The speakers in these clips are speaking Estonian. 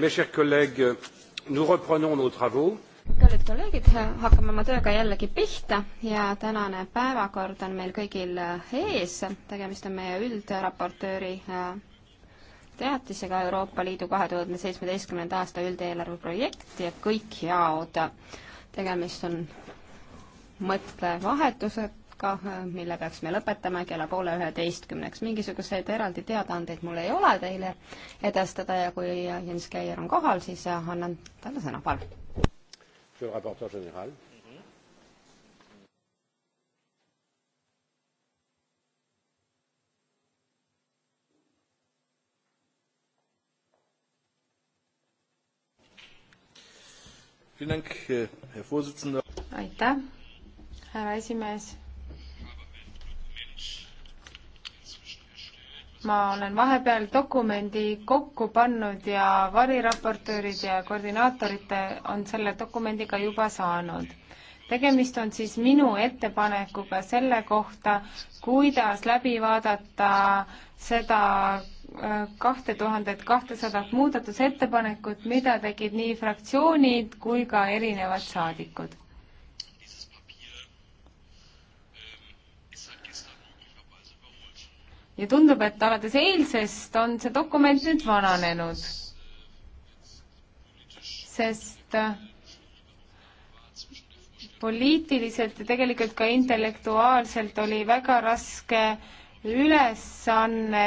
mes chers collègues, nous reprenons nos travaux. kallid kolleegid, hakkame oma tööga jällegi pihta ja tänane päevakord on meil kõigil ees. tegemist on meie üldraportööri äh, teatisega Euroopa Liidu kahe tuhande seitsmeteistkümnenda aasta üldeelarve projekt ja kõik jaod. tegemist on mõttevahetused ka, mille peaksime lõpetama kella poole üheteistkümneks. mingisuguseid eraldi teadaandeid mul ei ole teile edastada ja kui Jens Keier on kohal, siis annan talle sõna, palun. Äh, aitäh, härra esimees ma olen vahepeal dokumendi kokku pannud ja variraportöörid ja koordinaatorid on selle dokumendi ka juba saanud. tegemist on siis minu ettepanekuga selle kohta, kuidas läbi vaadata seda äh, kahte tuhandet kahtesadat muudatusettepanekut, mida tegid nii fraktsioonid kui ka erinevad saadikud. ja tundub, et alates eilsest on see dokument nüüd vananenud. sest äh, poliitiliselt ja tegelikult ka intellektuaalselt oli väga raske ülesanne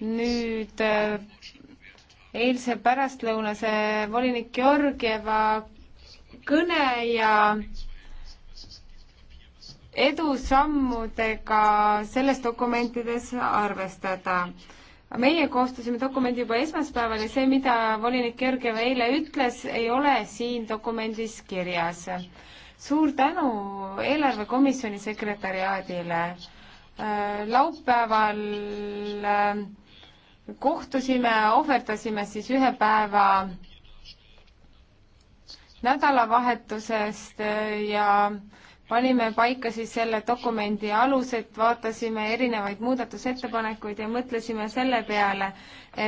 nüüd äh, eilse pärastlõunase volinik Georgieva kõne ja edusammudega selles dokumentides arvestada. meie koostasime dokumendi juba esmaspäeval ja see, mida volinik Georgiev eile ütles, ei ole siin dokumendis kirjas. suur tänu eelarvekomisjoni sekretäriaadile. Äh, laupäeval äh, kohtusime, ohverdasime siis ühe päeva nädalavahetusest äh, ja äh, panime paika siis selle dokumendi alused, vaatasime erinevaid muudatusettepanekuid ja mõtlesime selle peale,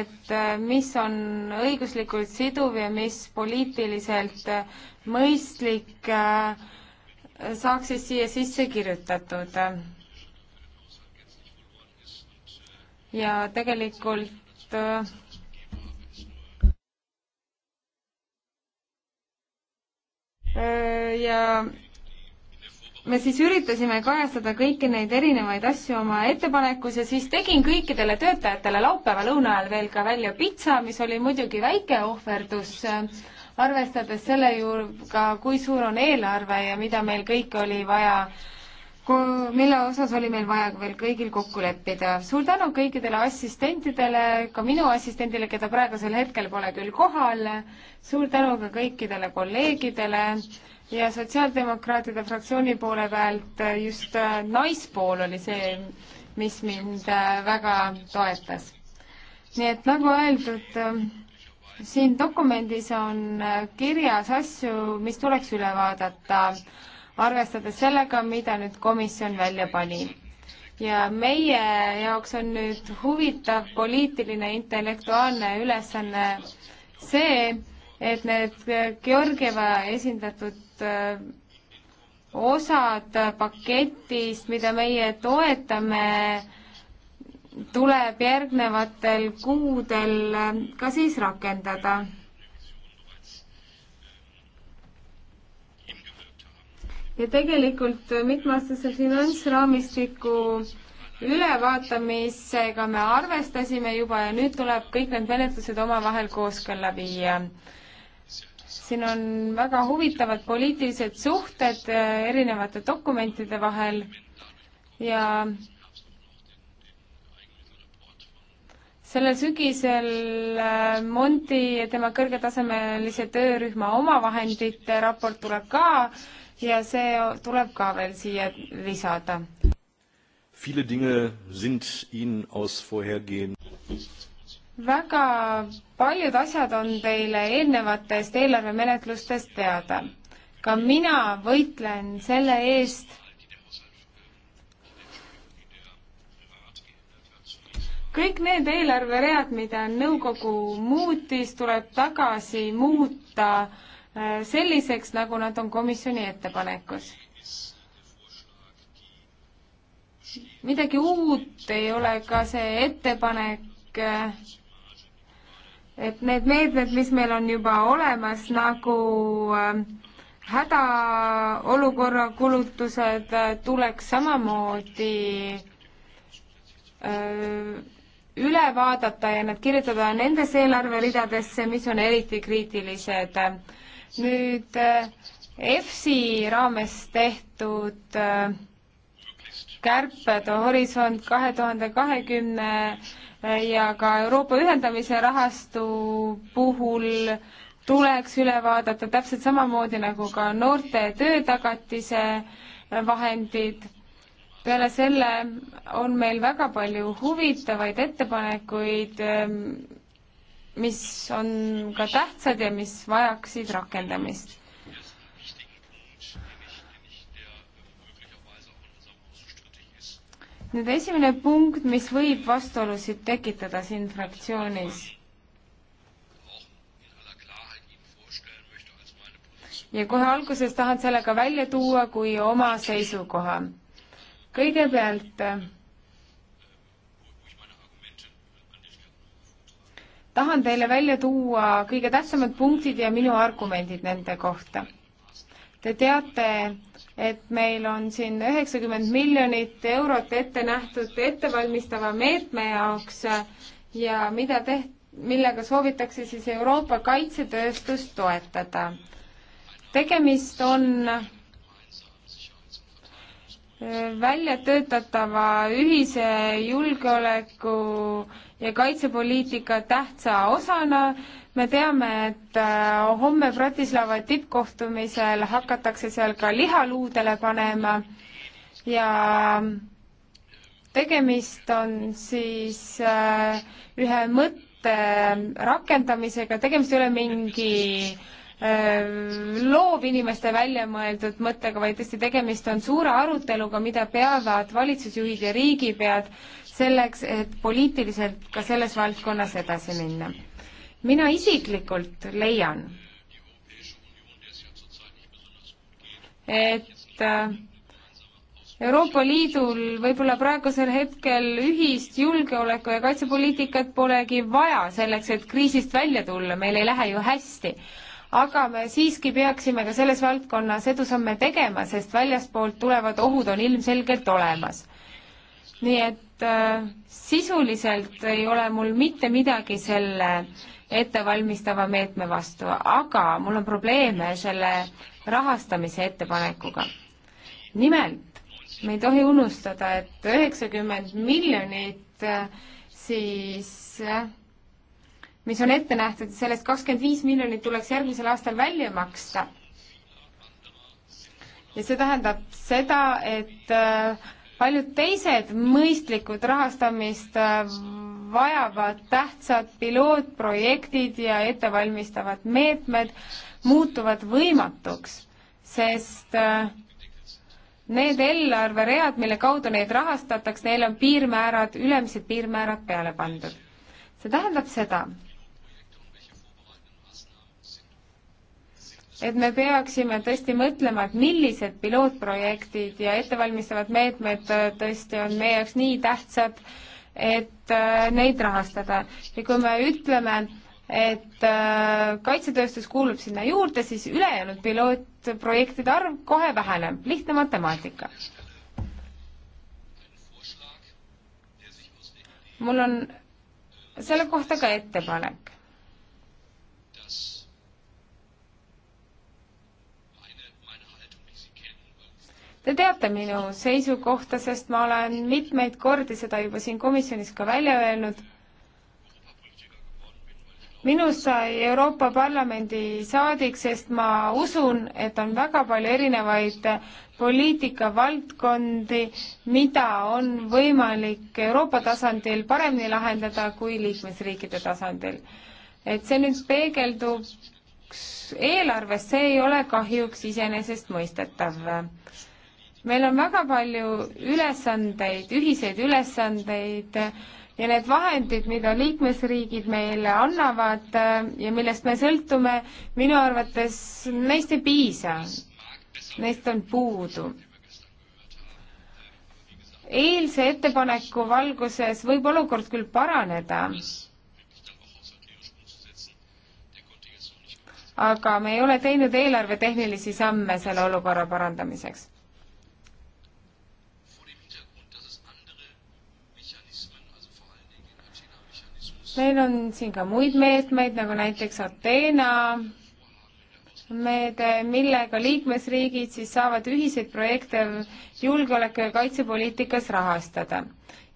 et äh, mis on õiguslikult siduv ja mis poliitiliselt mõistlik äh, saaks siis siia sisse kirjutatud. ja tegelikult äh, ja me siis üritasime kajastada kõiki neid erinevaid asju oma ettepanekus ja siis tegin kõikidele töötajatele laupäeva lõuna ajal veel ka välja pitsa, mis oli muidugi väike ohverdus, arvestades selle juurde, kui suur on eelarve ja mida meil kõike oli vaja mille osas oli meil vaja veel kõigil kokku leppida. suur tänu kõikidele assistentidele, ka minu assistendile, keda praegusel hetkel pole küll kohal. suur tänu ka kõikidele kolleegidele ja Sotsiaaldemokraatide fraktsiooni poole pealt äh, just äh, naispool oli see, mis mind äh, väga toetas. nii et nagu öeldud, ähm, siin dokumendis on kirjas asju, mis tuleks üle vaadata, arvestades sellega, mida nüüd komisjon välja pani. ja meie jaoks on nüüd huvitav poliitiline intellektuaalne ülesanne see, et need Georgieva esindatud Äh, osad paketist, mida meie toetame, tuleb järgnevatel kuudel äh, ka siis rakendada. ja tegelikult mitmeaastase finantsraamistiku ülevaatamisega me arvestasime juba ja nüüd tuleb kõik need menetlused omavahel kooskõlla viia siin on väga huvitavad poliitilised suhted äh, erinevate dokumentide vahel ja sellel sügisel äh, Monti ja tema kõrgetasemelise töörühma omavahendite raport tuleb ka ja see tuleb ka veel siia lisada väga paljud asjad on teile eelnevatest eelarvemenetlustest teada. ka mina võitlen selle eest, kõik need eelarveread, mida nõukogu muutis, tuleb tagasi muuta äh, selliseks, nagu nad on komisjoni ettepanekus. midagi uut ei ole ka see ettepanek, ettepanek äh, et need meetmed, mis meil on juba olemas, nagu ähm, hädaolukorra kulutused äh, tuleks samamoodi äh, üle vaadata ja need kirjutada nendes eelarveridadesse, mis on eriti kriitilised. nüüd äh, EFSI raames tehtud kärped, Horisont kahe tuhande kahekümne ja ka Euroopa ühendamise rahastu puhul tuleks üle vaadata täpselt samamoodi nagu ka noorte töötagatise vahendid. peale selle on meil väga palju huvitavaid ettepanekuid, mis on ka tähtsad ja mis vajaksid rakendamist nüüd esimene punkt, mis võib vastuolusid tekitada siin fraktsioonis. ja kohe alguses tahan selle ka välja tuua kui oma seisukoha. kõigepealt tahan teile välja tuua kõige tähtsamad punktid ja minu argumendid nende kohta. Te teate, et meil on siin üheksakümmend miljonit eurot ette nähtud ettevalmistava meetme jaoks ja mida teht-, millega soovitakse siis Euroopa kaitsetööstust toetada. tegemist on äh, välja töötatava ühise julgeoleku ja kaitsepoliitika tähtsa osana. me teame, et äh, homme Bratislava tippkohtumisel hakatakse seal ka liha luudele panema ja tegemist on siis äh, ühe mõtte rakendamisega, tegemist ei ole mingi äh, loovinimeste välja mõeldud mõttega, vaid tõesti tegemist on suure aruteluga, mida peavad valitsusjuhid ja riigipead selleks, et poliitiliselt ka selles valdkonnas edasi minna. mina isiklikult leian, et äh, Euroopa Liidul võib-olla praegusel hetkel ühist julgeoleku- ja kaitsepoliitikat polegi vaja selleks, et kriisist välja tulla, meil ei lähe ju hästi aga me siiski peaksime ka selles valdkonnas edusamme tegema, sest väljaspoolt tulevad ohud on ilmselgelt olemas. nii et Äh, sisuliselt ei ole mul mitte midagi selle ettevalmistava meetme vastu, aga mul on probleeme selle rahastamise ettepanekuga. nimelt, me ei tohi unustada, et üheksakümmend miljonit äh, siis, äh, mis on ette nähtud, sellest kakskümmend viis miljonit tuleks järgmisel aastal välja maksta. ja see tähendab seda, et äh, paljud teised mõistlikud rahastamist äh, vajavad tähtsad pilootprojektid ja ettevalmistavad meetmed muutuvad võimatuks, sest äh, need eelarveread, mille kaudu neid rahastatakse, neil on piirmäärad, ülemised piirmäärad peale pandud. see tähendab seda, et me peaksime tõesti mõtlema, et millised pilootprojektid ja ettevalmistavad meetmed äh, tõesti on meie jaoks nii tähtsad, et äh, neid rahastada. ja kui me ütleme, et äh, kaitsetööstus kuulub sinna juurde, siis ülejäänud pilootprojektide arv kohe väheneb, lihtne matemaatika. mul on selle kohta ka ettepanek Te teate minu seisukohta, sest ma olen mitmeid kordi seda juba siin komisjonis ka välja öelnud. minust sai Euroopa Parlamendi saadik, sest ma usun, et on väga palju erinevaid poliitikavaldkondi, mida on võimalik Euroopa tasandil paremini lahendada kui liikmesriikide tasandil. et see nüüd peegeldub eelarves, see ei ole kahjuks iseenesestmõistetav meil on väga palju ülesandeid, ühiseid ülesandeid ja need vahendid, mida liikmesriigid meile annavad äh, ja millest me sõltume, minu arvates neist ei piisa. Neist on puudu. eilse ettepaneku valguses võib olukord küll paraneda, aga me ei ole teinud eelarvetehnilisi samme selle olukorra parandamiseks meil on siin ka muid meetmeid, nagu näiteks Ateena meede, millega liikmesriigid siis saavad ühiseid projekte julgeoleku- ja kaitsepoliitikas rahastada.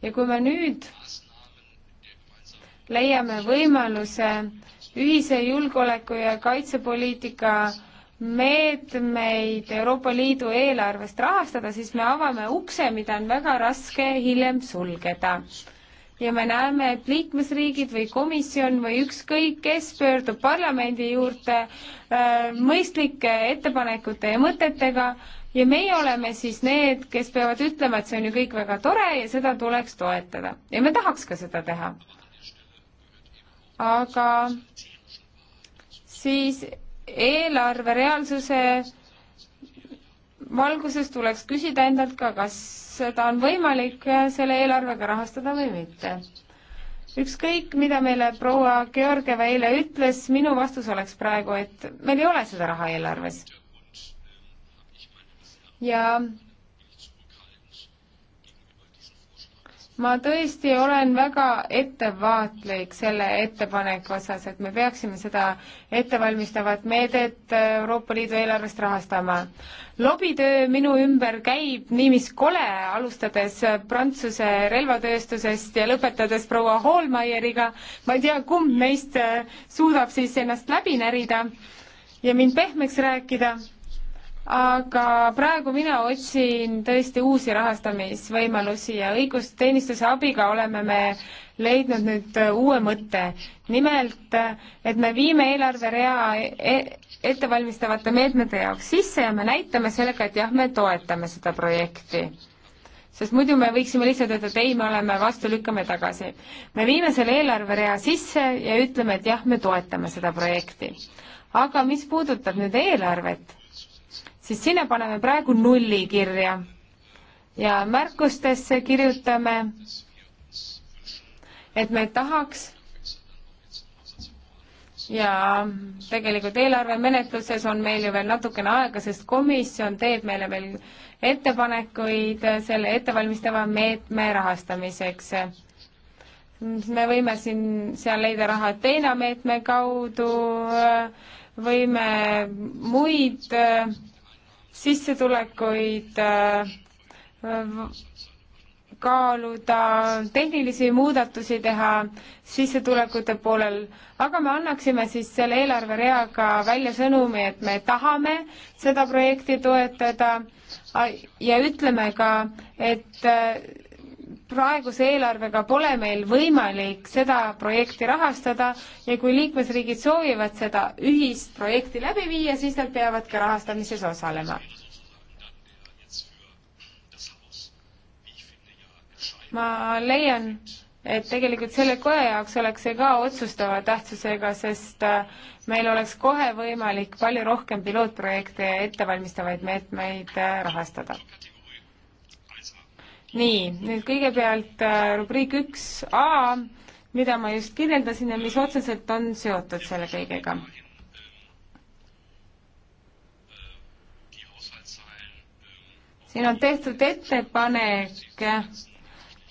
ja kui me nüüd leiame võimaluse ühise julgeoleku- ja kaitsepoliitika meetmeid Euroopa Liidu eelarvest rahastada, siis me avame ukse, mida on väga raske hiljem sulgeda ja me näeme, et liikmesriigid või komisjon või ükskõik kes pöördub parlamendi juurde äh, mõistlike ettepanekute ja mõtetega ja meie oleme siis need, kes peavad ütlema, et see on ju kõik väga tore ja seda tuleks toetada ja me tahaks ka seda teha. aga siis eelarve reaalsuse valguses tuleks küsida endalt ka, kas seda on võimalik äh, selle eelarvega rahastada või mitte. ükskõik, mida meile proua Georgieva eile ütles, minu vastus oleks praegu, et meil ei ole seda raha eelarves. ja ma tõesti olen väga ettevaatlik selle ettepaneku osas, et me peaksime seda ettevalmistavat meedet Euroopa Liidu eelarvest rahastama. lobitöö minu ümber käib nii mis kole, alustades Prantsuse relvatööstusest ja lõpetades proua Hallmeieriga. ma ei tea, kumb meist suudab siis ennast läbi närida ja mind pehmeks rääkida aga praegu mina otsin tõesti uusi rahastamisvõimalusi ja õigusteenistuse abiga oleme me leidnud nüüd äh, uue mõtte. nimelt, äh, et me viime eelarverea e, ettevalmistavate meetmete jaoks sisse ja me näitame sellega, et jah, me toetame seda projekti sest muidu me võiksime lihtsalt öelda, et ei, me oleme vastu, lükkame tagasi. me viime selle eelarverea sisse ja ütleme, et jah, me toetame seda projekti. aga mis puudutab nüüd eelarvet, siis sinna paneme praegu nulli kirja ja märkustesse kirjutame, et me tahaks ja tegelikult eelarvemenetluses on meil ju veel natukene aega, sest komisjon teeb meile veel ettepanekuid selle ettevalmistava meetme rahastamiseks. me võime siin, seal leida raha teine meetme kaudu, võime muid sissetulekuid äh, kaaluda, tehnilisi muudatusi teha sissetulekute poolel, aga me annaksime siis selle eelarvereaga välja sõnumi, et me tahame seda projekti toetada ja ütleme ka, et äh, praeguse eelarvega pole meil võimalik seda projekti rahastada ja kui liikmesriigid soovivad seda ühist projekti läbi viia, siis nad peavad ka rahastamises osalema. ma leian, et tegelikult selle koja jaoks oleks see ka otsustava tähtsusega, sest äh, meil oleks kohe võimalik palju rohkem pilootprojekte ja ettevalmistavaid meetmeid äh, rahastada nii, nüüd kõigepealt äh, rubriik üks A, mida ma just kirjeldasin ja mis otseselt on seotud selle kõigega. siin on tehtud ettepanek,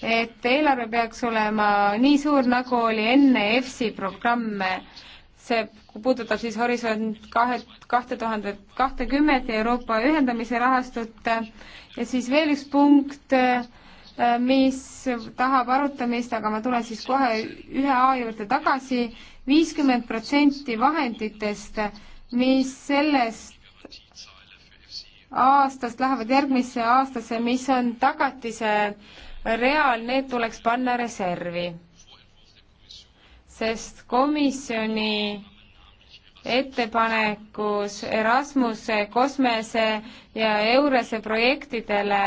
et eelarve peaks olema nii suur, nagu oli enne EFSI programme see puudutab siis Horisont kahe, kahte tuhandet kahtekümmet ja Euroopa ühendamise rahastut ja siis veel üks punkt, äh, mis tahab arutamist, aga ma tulen siis kohe ühe A juurde tagasi, viiskümmend protsenti vahenditest, mis sellest aastast lähevad järgmisse aastasse, mis on tagatise real, need tuleks panna reservi. sest komisjoni ettepanekus Erasmuse, Kosmese ja Eurese projektidele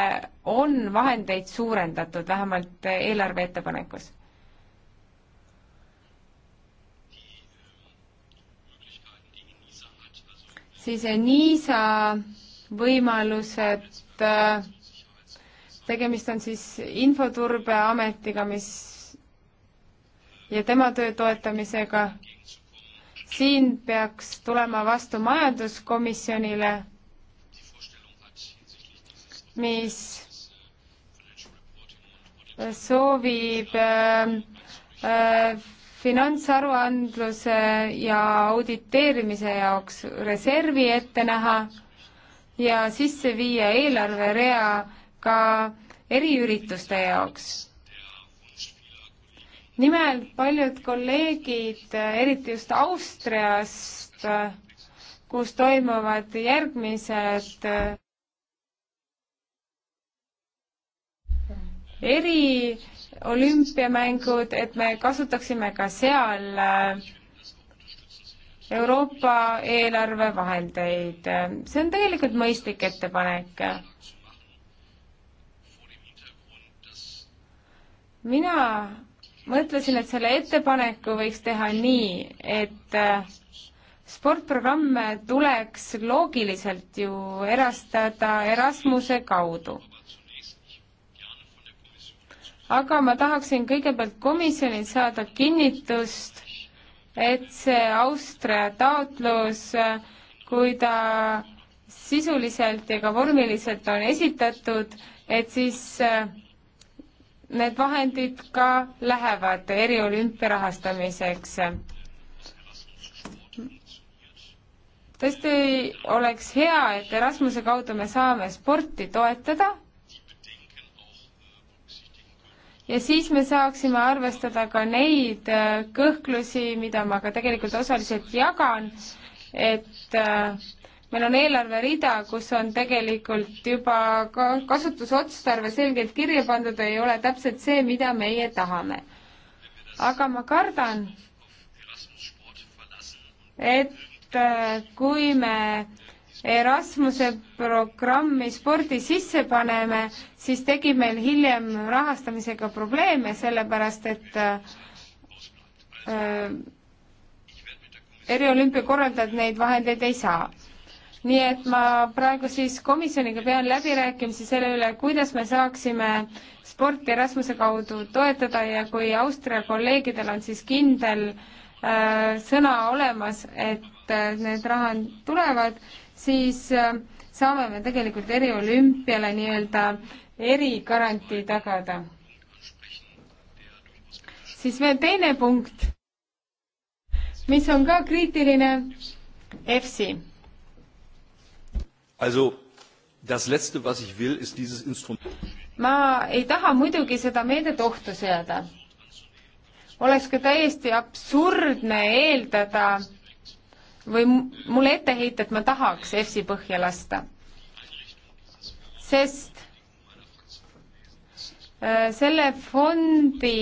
on vahendeid suurendatud, vähemalt eelarve ettepanekus? siis Niisa võimalused, tegemist on siis infoturbeametiga, mis ja tema töö toetamisega siin peaks tulema vastu majanduskomisjonile, mis soovib äh, äh, finantsaruandluse ja auditeerimise jaoks reservi ette näha ja sisse viia eelarverea ka eriürituste jaoks nimelt paljud kolleegid, eriti just Austriast, kus toimuvad järgmised äh, eriolümpiamängud, et me kasutaksime ka seal äh, Euroopa eelarvevahendeid. see on tegelikult mõistlik ettepanek. mina mõtlesin, et selle ettepaneku võiks teha nii, et äh, sportprogramme tuleks loogiliselt ju erastada Erasmuse kaudu. aga ma tahaksin kõigepealt komisjonilt saada kinnitust, et see Austria taotlus, kui ta sisuliselt ja ka vormiliselt on esitatud, et siis äh, need vahendid ka lähevad eriolümpia rahastamiseks. tõesti oleks hea, et Erasmuse kaudu me saame sporti toetada ja siis me saaksime arvestada ka neid äh, kõhklusi, mida ma ka tegelikult osaliselt jagan, et äh, meil on eelarverida, kus on tegelikult juba kasutusotstarve selgelt kirja pandud, ei ole täpselt see, mida meie tahame. aga ma kardan, et äh, kui me Erasmuse programmi spordi sisse paneme, siis tekib meil hiljem rahastamisega probleeme, sellepärast et äh, äh eriolümpia korraldajad neid vahendeid ei saa nii et ma praegu siis komisjoniga pean läbirääkimisi selle üle, kuidas me saaksime sporti Erasmuse kaudu toetada ja kui Austria kolleegidel on siis kindel äh, sõna olemas, et äh, need rahad tulevad, siis äh, saame me tegelikult eriolümpiale nii-öelda erigarantii tagada. siis veel teine punkt, mis on ka kriitiline, EFSI Also das Letzte, was ich will, ist dieses Instrument. ma ei taha muidugi seda meedet ohtu seada. oleks ka täiesti absurdne eeldada või mulle ette heita, et ma tahaks EFSi põhja lasta. sest äh, selle fondi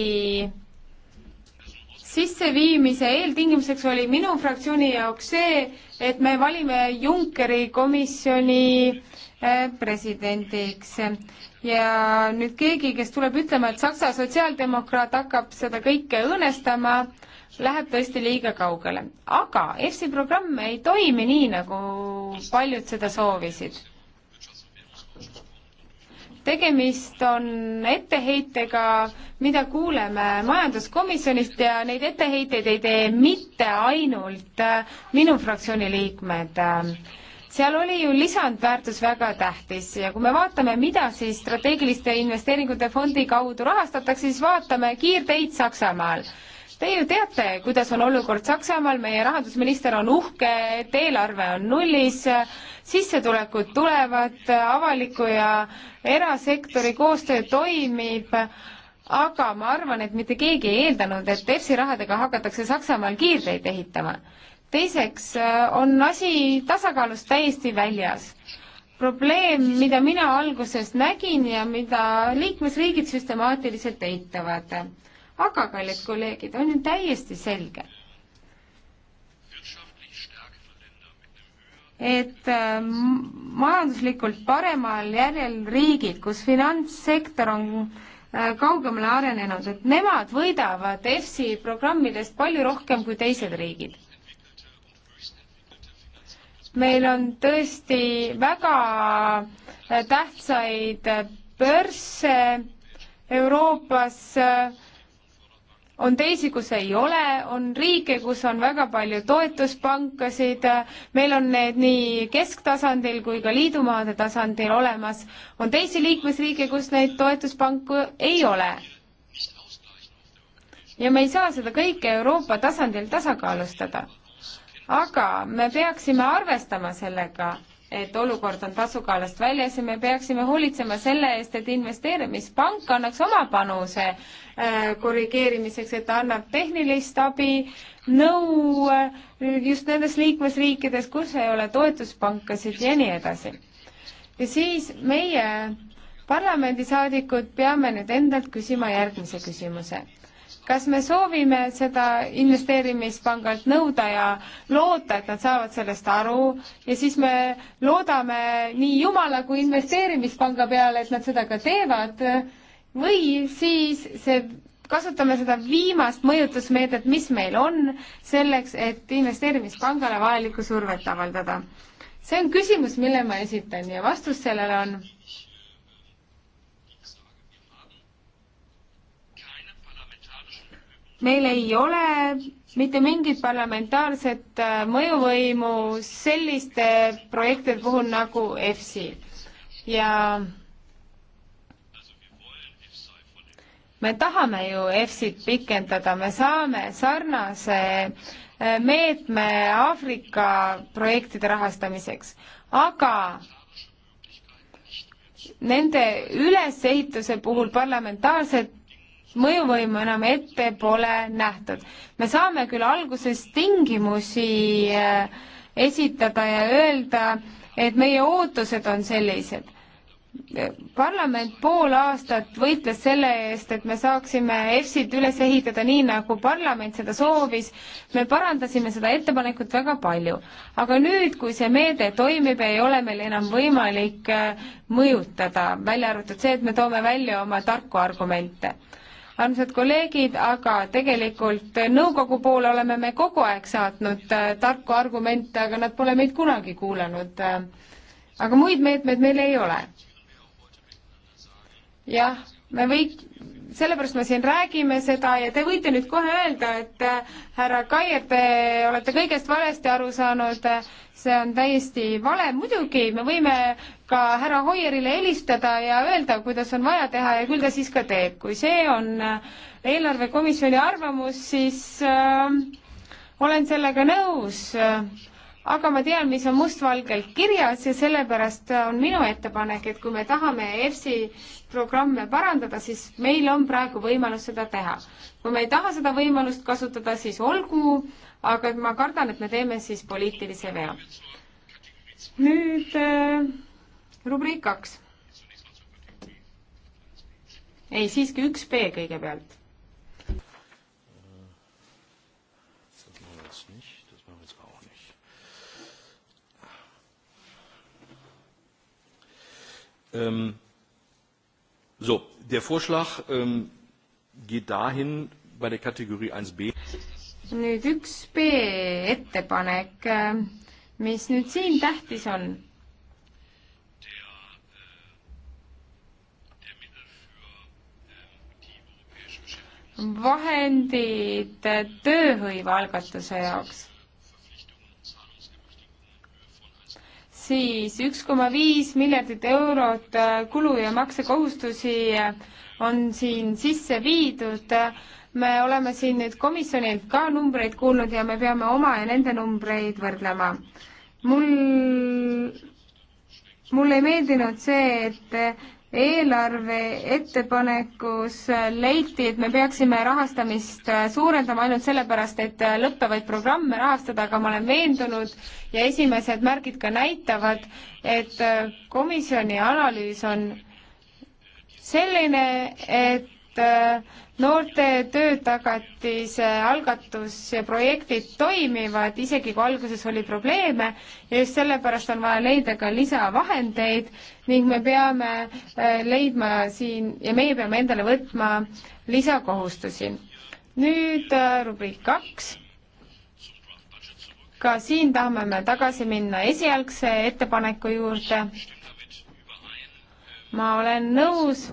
sisseviimise eeltingimuseks oli minu fraktsiooni jaoks see, et me valime Junckeri komisjoni äh, presidendiks. ja nüüd keegi, kes tuleb ütlema, et Saksa sotsiaaldemokraat hakkab seda kõike õõnestama, läheb tõesti liiga kaugele. aga EFSI programm ei toimi nii, nagu paljud seda soovisid tegemist on etteheitega, mida kuuleme majanduskomisjonist ja neid etteheiteid ei tee mitte ainult äh, minu fraktsiooni liikmed. seal oli ju lisandväärtus väga tähtis ja kui me vaatame, mida siis strateegiliste investeeringute fondi kaudu rahastatakse, siis vaatame kiirteid Saksamaal Teie ju teate, kuidas on olukord Saksamaal, meie rahandusminister on uhke, et eelarve on nullis, sissetulekud tulevad, avaliku ja erasektori koostöö toimib, aga ma arvan, et mitte keegi ei eeldanud, et EFSI rahadega hakatakse Saksamaal kiirteid ehitama. teiseks on asi tasakaalust täiesti väljas probleem, mida mina alguses nägin ja mida liikmesriigid süstemaatiliselt eitavad aga, kallid kolleegid, on ju täiesti selge, et äh, majanduslikult paremal järjel riigid, kus finantssektor on äh, kaugemale arenenud, et nemad võidavad EFSI programmidest palju rohkem kui teised riigid. meil on tõesti väga äh, tähtsaid börse Euroopas äh, on teisi, kus ei ole, on riike, kus on väga palju toetuspankasid, meil on need nii kesktasandil kui ka liidumaade tasandil olemas, on teisi liikmesriike, kus neid toetuspanku ei ole. ja me ei saa seda kõike Euroopa tasandil tasakaalustada. aga me peaksime arvestama sellega et olukord on tasukaalast väljas ja me peaksime hoolitsema selle eest, et investeerimispank annaks oma panuse äh, korrigeerimiseks, et ta annab tehnilist abi, nõu äh, just nendes liikmesriikides, kus ei ole toetuspankasid ja nii edasi. ja siis meie parlamendisaadikud peame nüüd endalt küsima järgmise küsimuse kas me soovime seda investeerimispangalt nõuda ja loota, et nad saavad sellest aru ja siis me loodame nii Jumala kui investeerimispanga peale, et nad seda ka teevad või siis see, kasutame seda viimast mõjutusmeedet, mis meil on, selleks, et investeerimispangale vajalikku survet avaldada. see on küsimus, mille ma esitan ja vastus sellele on meil ei ole mitte mingit parlamentaarset äh, mõjuvõimu selliste projektide puhul nagu EFSI ja me tahame ju EFSit pikendada, me saame sarnase äh, meetme Aafrika projektide rahastamiseks, aga nende ülesehituse puhul parlamentaarset mõjuvõimu enam ette pole nähtud. me saame küll alguses tingimusi äh, esitada ja öelda, et meie ootused on sellised. parlament pool aastat võitles selle eest, et me saaksime EFSit üles ehitada nii, nagu parlament seda soovis. me parandasime seda ettepanekut väga palju, aga nüüd, kui see meede toimib, ei ole meil enam võimalik äh, mõjutada, välja arvatud see, et me toome välja oma tarku argumente armsad kolleegid, aga tegelikult nõukogu poole oleme me kogu aeg saatnud äh, tarku argumente, aga nad pole meid kunagi kuulanud äh,. aga muid meetmeid meil ei ole. jah, me võik-, sellepärast me siin räägime seda ja te võite nüüd kohe öelda, et äh, härra Kaier, te olete kõigest valesti aru saanud, äh, see on täiesti vale, muidugi me võime ka härra Hoierile helistada ja öelda, kuidas on vaja teha ja küll ta siis ka teeb. kui see on äh, eelarvekomisjoni arvamus, siis äh, olen sellega nõus äh, aga ma tean, mis on mustvalgelt kirjas ja sellepärast on minu ettepanek, et kui me tahame EFSI programme parandada, siis meil on praegu võimalus seda teha. kui me ei taha seda võimalust kasutada, siis olgu, aga ma kardan, et me teeme siis poliitilise vea. nüüd äh, rubriik kaks. ei, siiski üks B kõigepealt. Ähm, so, der Vorschlag ähm, geht dahin bei der Kategorie 1b. nüüd üks B ettepanek, äh, mis nüüd siin tähtis on vahendid tööhõive algatuse jaoks, siis üks koma viis miljardit eurot kulu- ja maksekohustusi on siin sisse viidud. me oleme siin nüüd komisjonilt ka numbreid kuulnud ja me peame oma ja nende numbreid võrdlema. mul, mulle ei meeldinud see, et eelarve ettepanekus leiti, et me peaksime rahastamist suurendama ainult sellepärast, et lõppevaid programme rahastada, aga ma olen veendunud ja esimesed märgid ka näitavad, et komisjoni analüüs on selline, et Äh, noorte töötagatise algatus ja projektid toimivad, isegi kui alguses oli probleeme ja just sellepärast on vaja leida ka lisavahendeid ning me peame äh, leidma siin ja meie peame endale võtma lisakohustusi. nüüd äh, rubriik kaks. ka siin tahame me tagasi minna esialgse ettepaneku juurde. ma olen nõus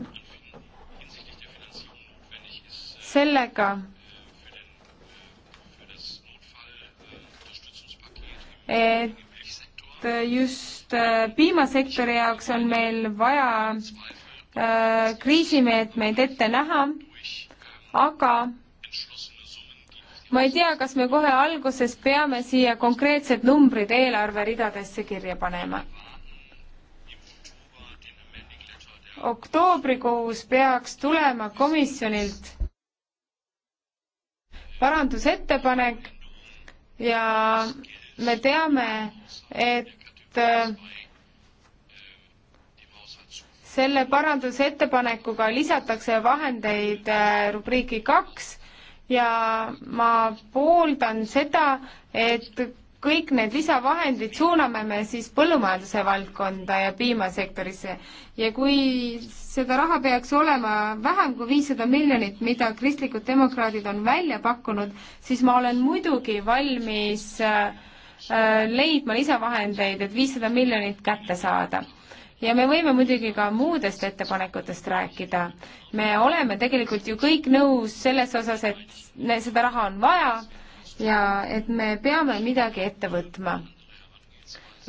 sellega, et just äh, piimasektori jaoks on meil vaja äh, kriisimeetmeid ette näha, aga ma ei tea, kas me kohe alguses peame siia konkreetsed numbrid eelarveridadesse kirja panema. oktoobrikuus peaks tulema komisjonilt parandusettepanek ja me teame, et äh, selle parandusettepanekuga lisatakse vahendeid äh, rubriigi kaks ja ma pooldan seda, et kõik need lisavahendid suuname me siis põllumajanduse valdkonda ja piimasektorisse ja kui seda raha peaks olema vähem kui viissada miljonit, mida kristlikud demokraadid on välja pakkunud, siis ma olen muidugi valmis äh, äh, leidma lisavahendeid, et viissada miljonit kätte saada ja me võime muidugi ka muudest ettepanekutest rääkida. me oleme tegelikult ju kõik nõus selles osas, et seda raha on vaja ja et me peame midagi ette võtma.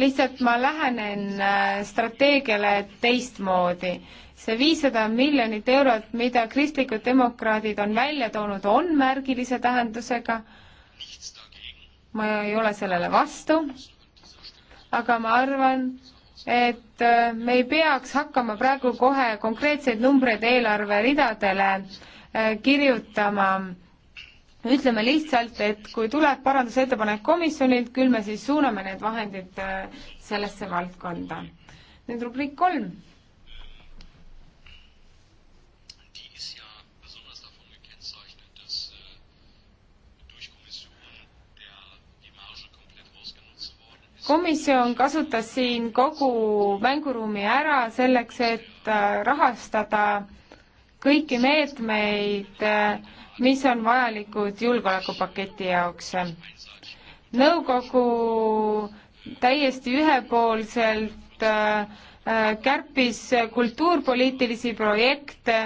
lihtsalt ma lähenen äh, strateegiale teistmoodi see viissada miljonit eurot, mida kristlikud demokraadid on välja toonud, on märgilise tähendusega. ma ei ole sellele vastu, aga ma arvan, et äh, me ei peaks hakkama praegu kohe konkreetseid numbreid eelarveridadele äh, kirjutama. ütleme lihtsalt, et kui tuleb parandusettepanek komisjonilt, küll me siis suuname need vahendid äh, sellesse valdkonda. nüüd rubriik kolm komisjon kasutas siin kogu mänguruumi ära selleks, et äh, rahastada kõiki meetmeid, äh, mis on vajalikud julgeolekupaketi jaoks. nõukogu täiesti ühepoolselt äh, kärpis kultuurpoliitilisi projekte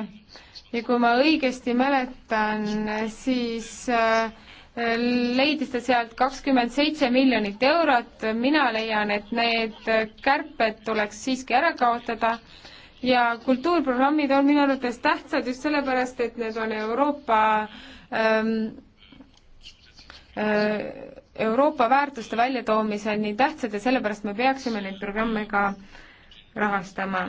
ja kui ma õigesti mäletan, siis äh, leidis ta sealt kakskümmend seitse miljonit eurot, mina leian, et need kärped tuleks siiski ära kaotada ja kultuurprogrammid on minu arvates tähtsad just sellepärast, et need on Euroopa ähm, äh, Euroopa väärtuste väljatoomisel nii tähtsad ja sellepärast me peaksime neid programme ka rahastama.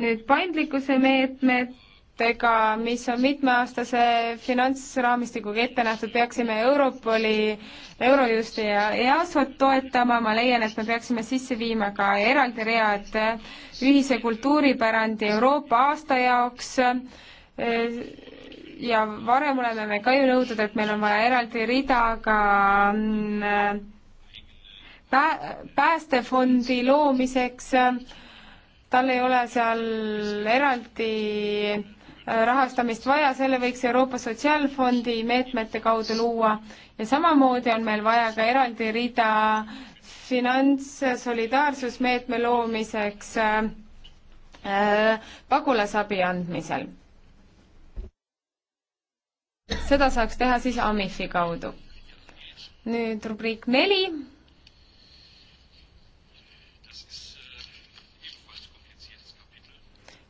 nüüd paindlikkuse meetmed muudatustega, mis on mitmeaastase finantsraamistikuga ette nähtud, peaksime Europoli, Eurojusti ja EASO-t toetama, ma leian, et me peaksime sisse viima ka eraldi read ühise kultuuripärandi Euroopa aasta jaoks ja varem oleme me ka ju nõudnud, et meil on vaja eraldi rida ka pää-, päästefondi loomiseks, tal ei ole seal eraldi rahastamist vaja, selle võiks Euroopa Sotsiaalfondi meetmete kaudu luua ja samamoodi on meil vaja ka eraldi rida finantssolidaarsusmeetme loomiseks äh, pagulasabi andmisel. seda saaks teha siis AMIF-i kaudu. nüüd rubriik neli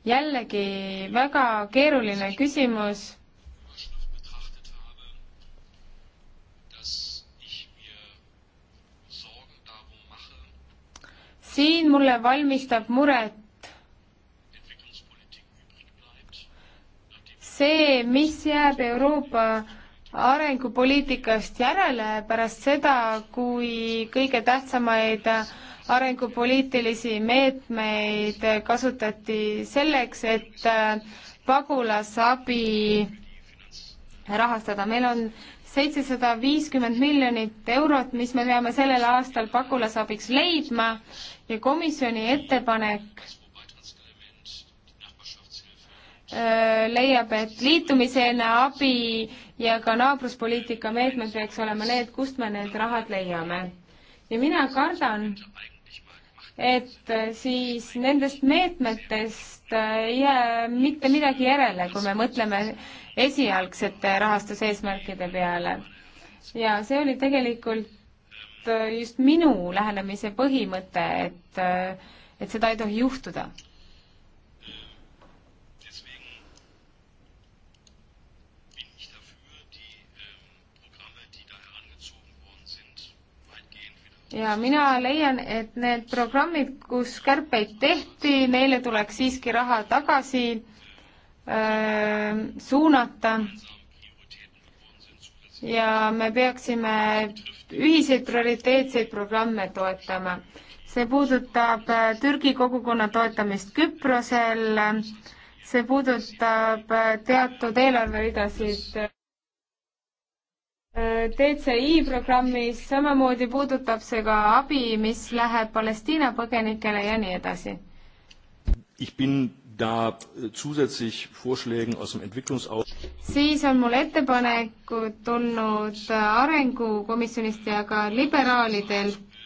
jällegi väga keeruline küsimus. siin mulle valmistab muret see, mis jääb Euroopa arengupoliitikast järele pärast seda, kui kõige tähtsamaid arengupoliitilisi meetmeid kasutati selleks, et äh, pagulasabi rahastada. meil on seitsesada viiskümmend miljonit eurot, mis me peame sellel aastal pagulasabiks leidma ja komisjoni ettepanek äh, leiab, et liitumiseelne abi ja ka naabruspoliitika meetmed peaks olema need, kust me need rahad leiame. ja mina kardan, et äh, siis nendest meetmetest äh, ei jää mitte midagi järele, kui me mõtleme esialgsete rahastuseesmärkide peale. ja see oli tegelikult äh, just minu lähenemise põhimõte, et, et seda ei tohi juhtuda ja mina leian, et need programmid, kus kärpeid tehti, neile tuleks siiski raha tagasi öö, äh, suunata. ja me peaksime ühiseid prioriteetseid programme toetama. see puudutab äh, Türgi kogukonna toetamist Küprosel, see puudutab äh, teatud eelarveridasid DCI äh, programmis, samamoodi puudutab see ka abi, mis läheb Palestiina põgenikele ja nii edasi. Ich bin da äh, zusätzlich Vorschlägen aus dem Entwicklungsausschuss. siis on mul ettepanekud tulnud äh, Arengukomisjonist ja ka liberaalidelt,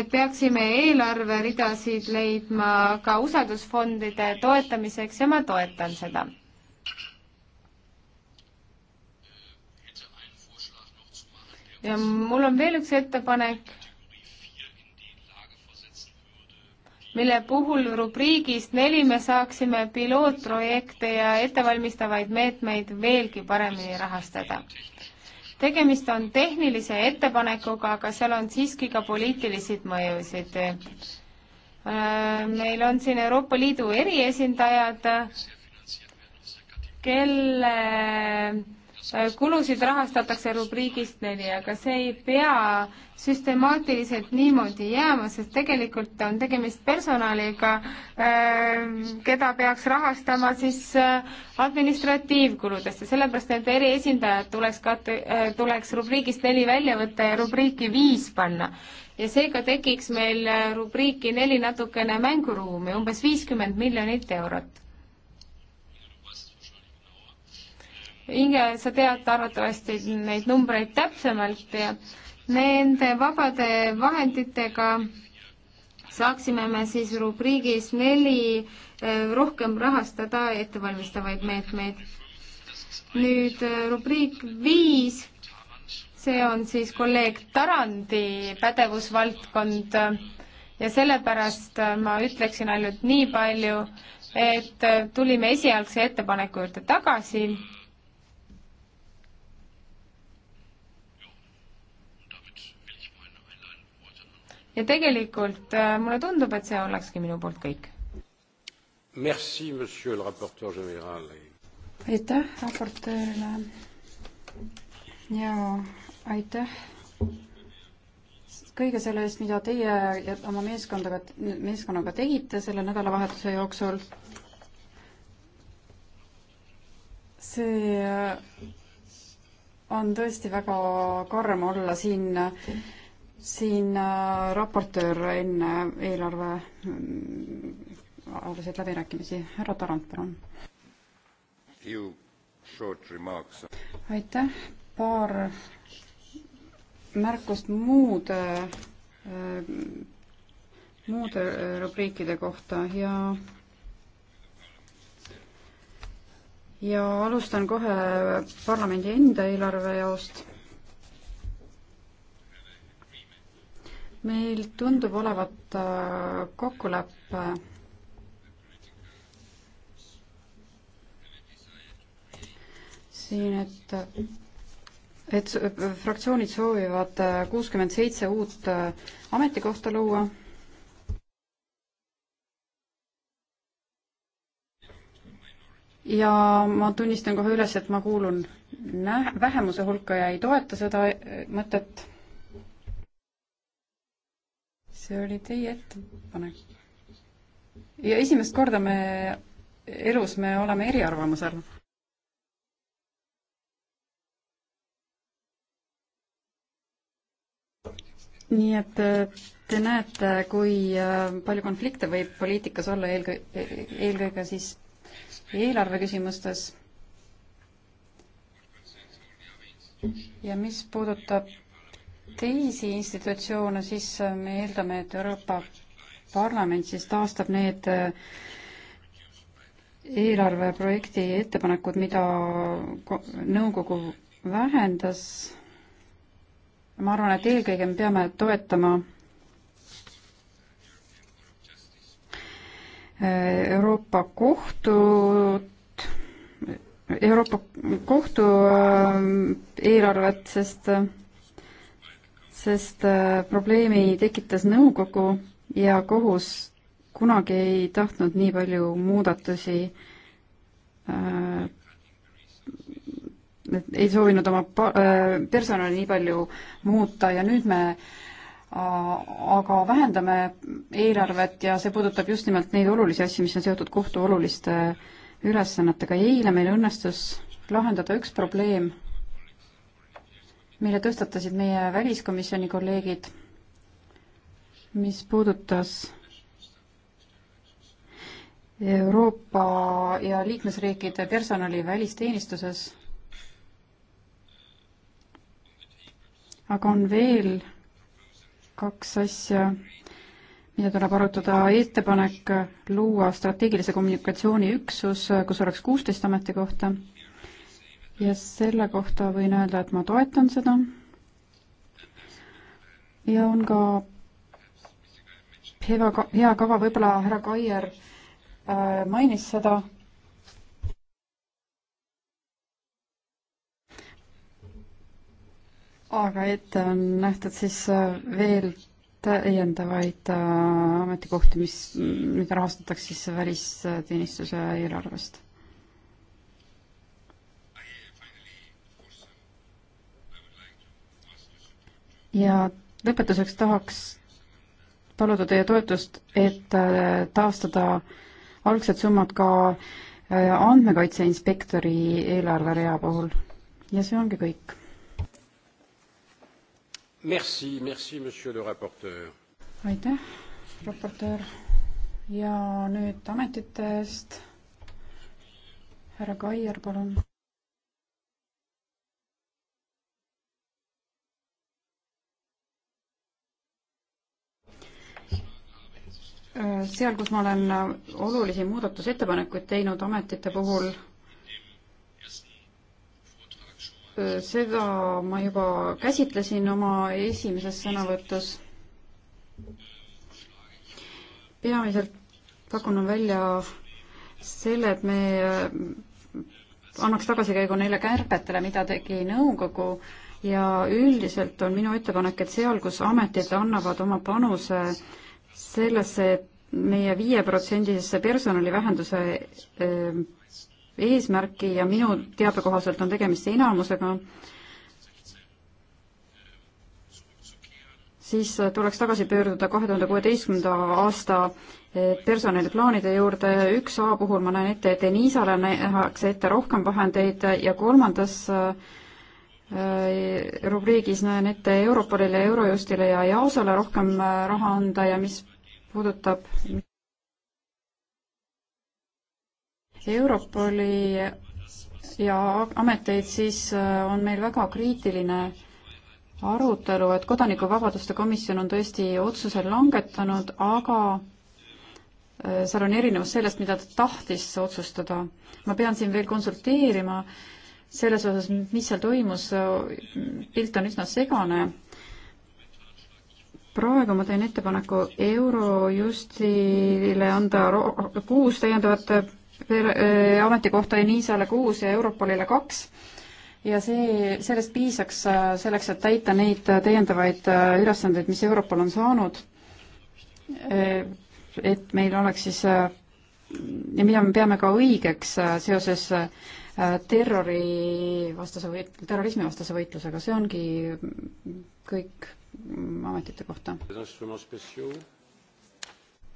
et peaksime eelarveridasid leidma ka usaldusfondide toetamiseks ja ma toetan seda. ja mul on veel üks ettepanek, mille puhul rubriigist neli me saaksime pilootprojekte ja ettevalmistavaid meetmeid veelgi paremini rahastada. tegemist on tehnilise ettepanekuga, aga seal on siiski ka poliitilisi mõjusid. Äh, meil on siin Euroopa Liidu eriesindajad, kelle kulusid rahastatakse rubriigist neli, aga see ei pea süstemaatiliselt niimoodi jääma, sest tegelikult on tegemist personaliga, ähm, keda peaks rahastama siis äh, administratiivkuludesse, sellepärast need eriesindajad tuleks ka, äh, tuleks rubriigist neli välja võtta ja rubriiki viis panna. ja seega tekiks meil äh, rubriiki neli natukene mänguruumi, umbes viiskümmend miljonit eurot Inge, sa tead arvatavasti neid numbreid täpsemalt ja nende vabade vahenditega saaksime me siis rubriigis neli eh, rohkem rahastada ettevalmistavaid meetmeid. nüüd eh, rubriik viis, see on siis kolleeg Tarandi pädevusvaldkond ja sellepärast eh, ma ütleksin ainult nii palju, et tulime esialgse ettepaneku juurde tagasi ja tegelikult äh, mulle tundub, et see olekski minu poolt kõik. aitäh raportöörile ja aitäh kõige selle eest, mida teie ja oma meeskondaga, meeskonnaga tegite selle nädalavahetuse jooksul. see on tõesti väga karm olla siin äh, siin äh, raportöör enne eelarve mm, aluseid läbirääkimisi, härra Tarand, palun. aitäh, paar märkust muude, äh, muude äh, rubriikide kohta ja ja alustan kohe parlamendi enda eelarvejaost meil tundub olevat äh, kokkulepe siin, et et fraktsioonid soovivad äh, kuuskümmend seitse uut äh, ametikohta luua. ja ma tunnistan kohe üles, et ma kuulun vähemuse hulka ja ei toeta seda mõtet see oli teie ettepanek. ja esimest korda me elus, me oleme eriarvamusel. nii et äh, te näete, kui äh, palju konflikte võib poliitikas olla eelkõige, eelkõige siis eelarve küsimustes. ja mis puudutab teisi institutsioone, siis äh, me eeldame, et Euroopa Parlament siis taastab need äh, eelarveprojekti ettepanekud, mida nõukogu vähendas. ma arvan, et eelkõige me peame toetama äh, Euroopa Kohtut, Euroopa Kohtu eelarvet, sest sest äh, probleemi tekitas nõukogu ja kohus kunagi ei tahtnud nii palju muudatusi äh, et ei soovinud oma äh, personali nii palju muuta ja nüüd me aga vähendame eelarvet ja see puudutab just nimelt neid olulisi asju, mis on seotud kohtu oluliste ülesannetega. eile meil õnnestus lahendada üks probleem, mille tõstatasid meie väliskomisjoni kolleegid, mis puudutas Euroopa ja liikmesriikide personali välisteenistuses. aga on veel kaks asja, mida tuleb arutada, ettepanek luua strateegilise kommunikatsiooni üksus, kus oleks kuusteist ametikohta ja selle kohta võin öelda, et ma toetan seda. ja on ka hea, hea kava, võib-olla härra Kaier äh, mainis seda. aga ette on nähtud siis äh, veel täiendavaid äh, ametikohti, mis, mida rahastatakse siis välisteenistuse eelarvest ja lõpetuseks tahaks paluda teie toetust, et äh, taastada algsed summad ka äh, andmekaitse inspektori eelarverea puhul. ja see ongi kõik. Merci, merci, monsieur le raporteur. aitäh, raportöör. ja nüüd ametitest. härra Kaier, palun. seal, kus ma olen olulisi muudatusettepanekuid teinud ametite puhul, seda ma juba käsitlesin oma esimeses sõnavõtus. peamiselt pakun välja selle, et me annaks tagasikäigu neile kärbetele, mida tegi nõukogu ja üldiselt on minu ettepanek, et seal, kus ametid annavad oma panuse äh, sellesse meie viieprotsendisesse personalivähenduse ähm, eesmärki ja minu teabe kohaselt on tegemist enamusega, siis tuleks tagasi pöörduda kahe tuhande kuueteistkümnenda aasta äh, personaliplaanide juurde, üks A puhul ma näen ette, et Enisale nähakse ette rohkem vahendeid ja kolmandas äh, Äh, rubriigis näen ette Europolile, Eurojustile ja Jaosale rohkem äh, raha anda ja mis puudutab Europoli ja ameteid, siis äh, on meil väga kriitiline arutelu, et Kodanikuvabaduste komisjon on tõesti otsuse langetanud, aga seal on erinevus sellest, mida ta tahtis otsustada. ma pean siin veel konsulteerima äh, selles osas, mis seal toimus, pilt on üsna segane. praegu ma teen ettepaneku Eurojustile anda kuus täiendavat äh, ametikohta Enisale kuus ja Europolile kaks ja see, sellest piisaks äh, selleks, et täita neid täiendavaid äh, ülesandeid, mis Europol on saanud, et meil oleks siis ja mida me peame ka õigeks seoses Äh, terrorivastase võit-, terrorismivastase võitlusega, see ongi kõik ametite kohta.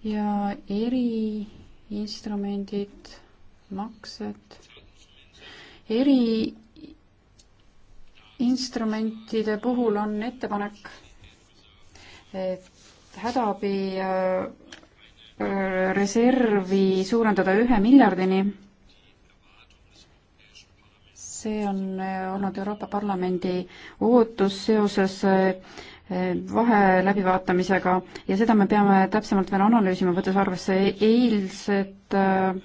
ja eriinstrumendid, maksed, eriinstrumentide puhul on ettepanek, et hädaabi äh, reservi suurendada ühe miljardini see on eh, olnud Euroopa Parlamendi ootus seoses eh, vahe läbivaatamisega ja seda me peame täpsemalt veel analüüsima, võttes arvesse e-, eilset äh,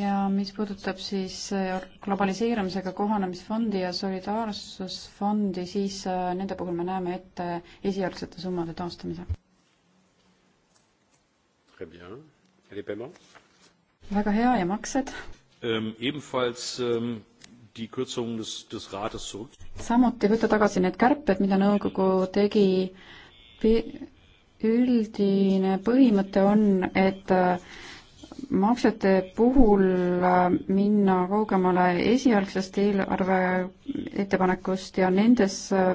ja mis puudutab siis eh, globaliseerumisega kohanemisfondi ja solidaarsusfondi, siis äh, nende puhul me näeme ette esialgsete summade taastamise väga hea ja maksed ähm,. Ebenfalls ähm, die Kürzungen des, des Rates zurück. samuti võtta tagasi need kärped, mida nõukogu tegi. üldine põhimõte on, et äh, maksete puhul äh, minna kaugemale esialgsest eelarve ettepanekust ja nendes äh,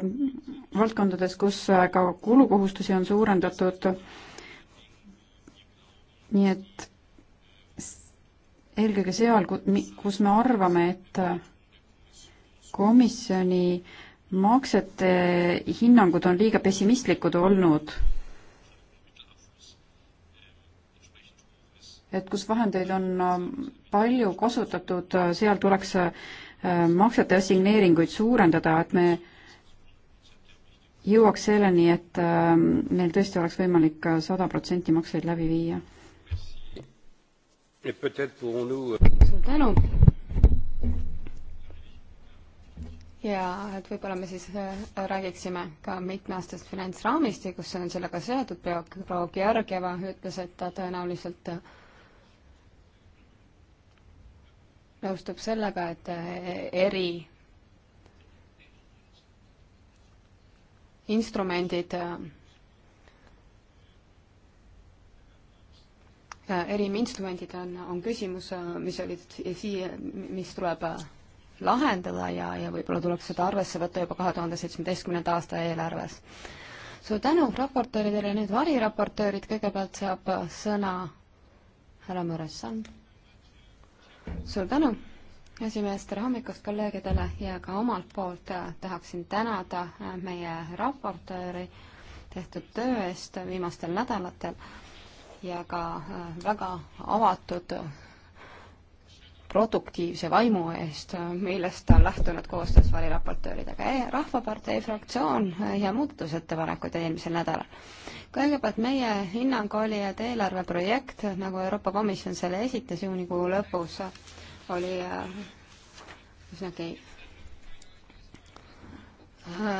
valdkondades, kus ka kulukohustusi on suurendatud, nii et eelkõige seal, kus me arvame, et komisjoni maksete hinnangud on liiga pessimistlikud olnud, et kus vahendeid on ähm, palju kasutatud, äh, seal tuleks äh, maksete assigneeringuid suurendada, et me jõuaks selleni, et ähm, meil tõesti oleks võimalik äh, sada protsenti makseid läbi viia Euh, suur tänu! ja et võib-olla me siis äh, räägiksime ka mitmeaastast finantsraamistikust, see on sellega seotud, proua Georgieva ütles, et ta tõenäoliselt äh, nõustub sellega, et äh, eri instrumendid eriinstrumendid on, on küsimus, äh, mis olid siia, mis tuleb äh, lahendada ja, ja võib-olla tuleb seda arvesse võtta juba kahe tuhande seitsmeteistkümnenda aasta eelarves. suur tänu raportööridele, nüüd variraportöörid, kõigepealt saab äh, sõna härra Mõresson. suur tänu, esimees, tere hommikust kolleegidele ja ka omalt poolt tahaksin tänada meie raportööri tehtud töö eest viimastel nädalatel ja ka äh, väga avatud produktiivse vaimu eest, millest ta on lähtunud koostöös variraportööridega e. rahvapartei fraktsioon äh, ja muudatusettepanekud eelmisel nädalal. kõigepealt meie hinnang oli, et eelarveprojekt, nagu Euroopa Komisjon selle esitas juunikuu lõpus, oli äh, üsnagi äh,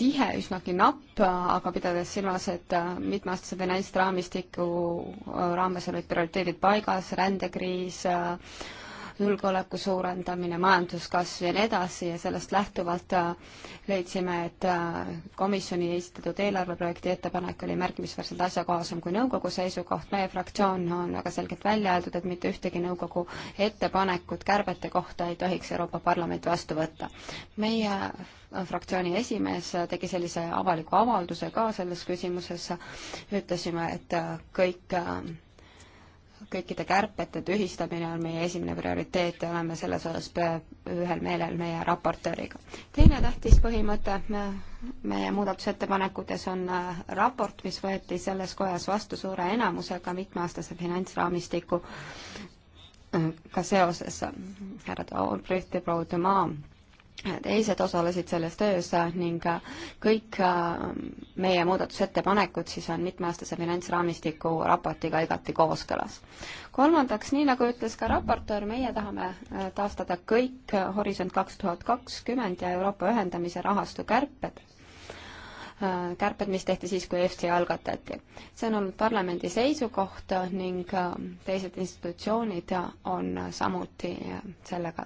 tihe, üsnagi napp, aga pidades silmas, et äh, mitmeaastase finantsraamistiku äh, raames olid prioriteedid paigas, rändekriis äh,, julgeoleku suurendamine, majanduskasv ja nii edasi ja sellest lähtuvalt äh, leidsime, et äh, komisjoni esitatud eelarveprojekti ettepanek oli märkimisväärselt asjakohasem kui nõukogu seisukoht. meie fraktsioon on väga selgelt välja öeldud, et mitte ühtegi nõukogu ettepanekut kärbete kohta ei tohiks Euroopa Parlament vastu võtta. meie äh, fraktsiooni esimees tegi sellise avaliku avalduse ka selles küsimuses, ütlesime, et kõik kõikide kärpete tühistamine on meie esimene prioriteet ja oleme selles osas ühel meelel meie raportööriga. teine tähtis põhimõte me, meie muudatusettepanekutes on äh, raport, mis võeti selles kojas vastu suure enamusega mitmeaastase finantsraamistiku äh, ka seoses äh, härra Albrecht ja proua Dumaa teised osalesid selles töös ning kõik äh, meie muudatusettepanekud siis on mitmeaastase finantsraamistiku raportiga igati kooskõlas. kolmandaks, nii nagu ütles ka raportöör, meie tahame äh, taastada kõik Horisont kaks tuhat kakskümmend ja Euroopa ühendamise rahastu kärped, äh, kärped, mis tehti siis, kui EFSI algatati. see on olnud parlamendi seisukoht ning teised institutsioonid on samuti sellega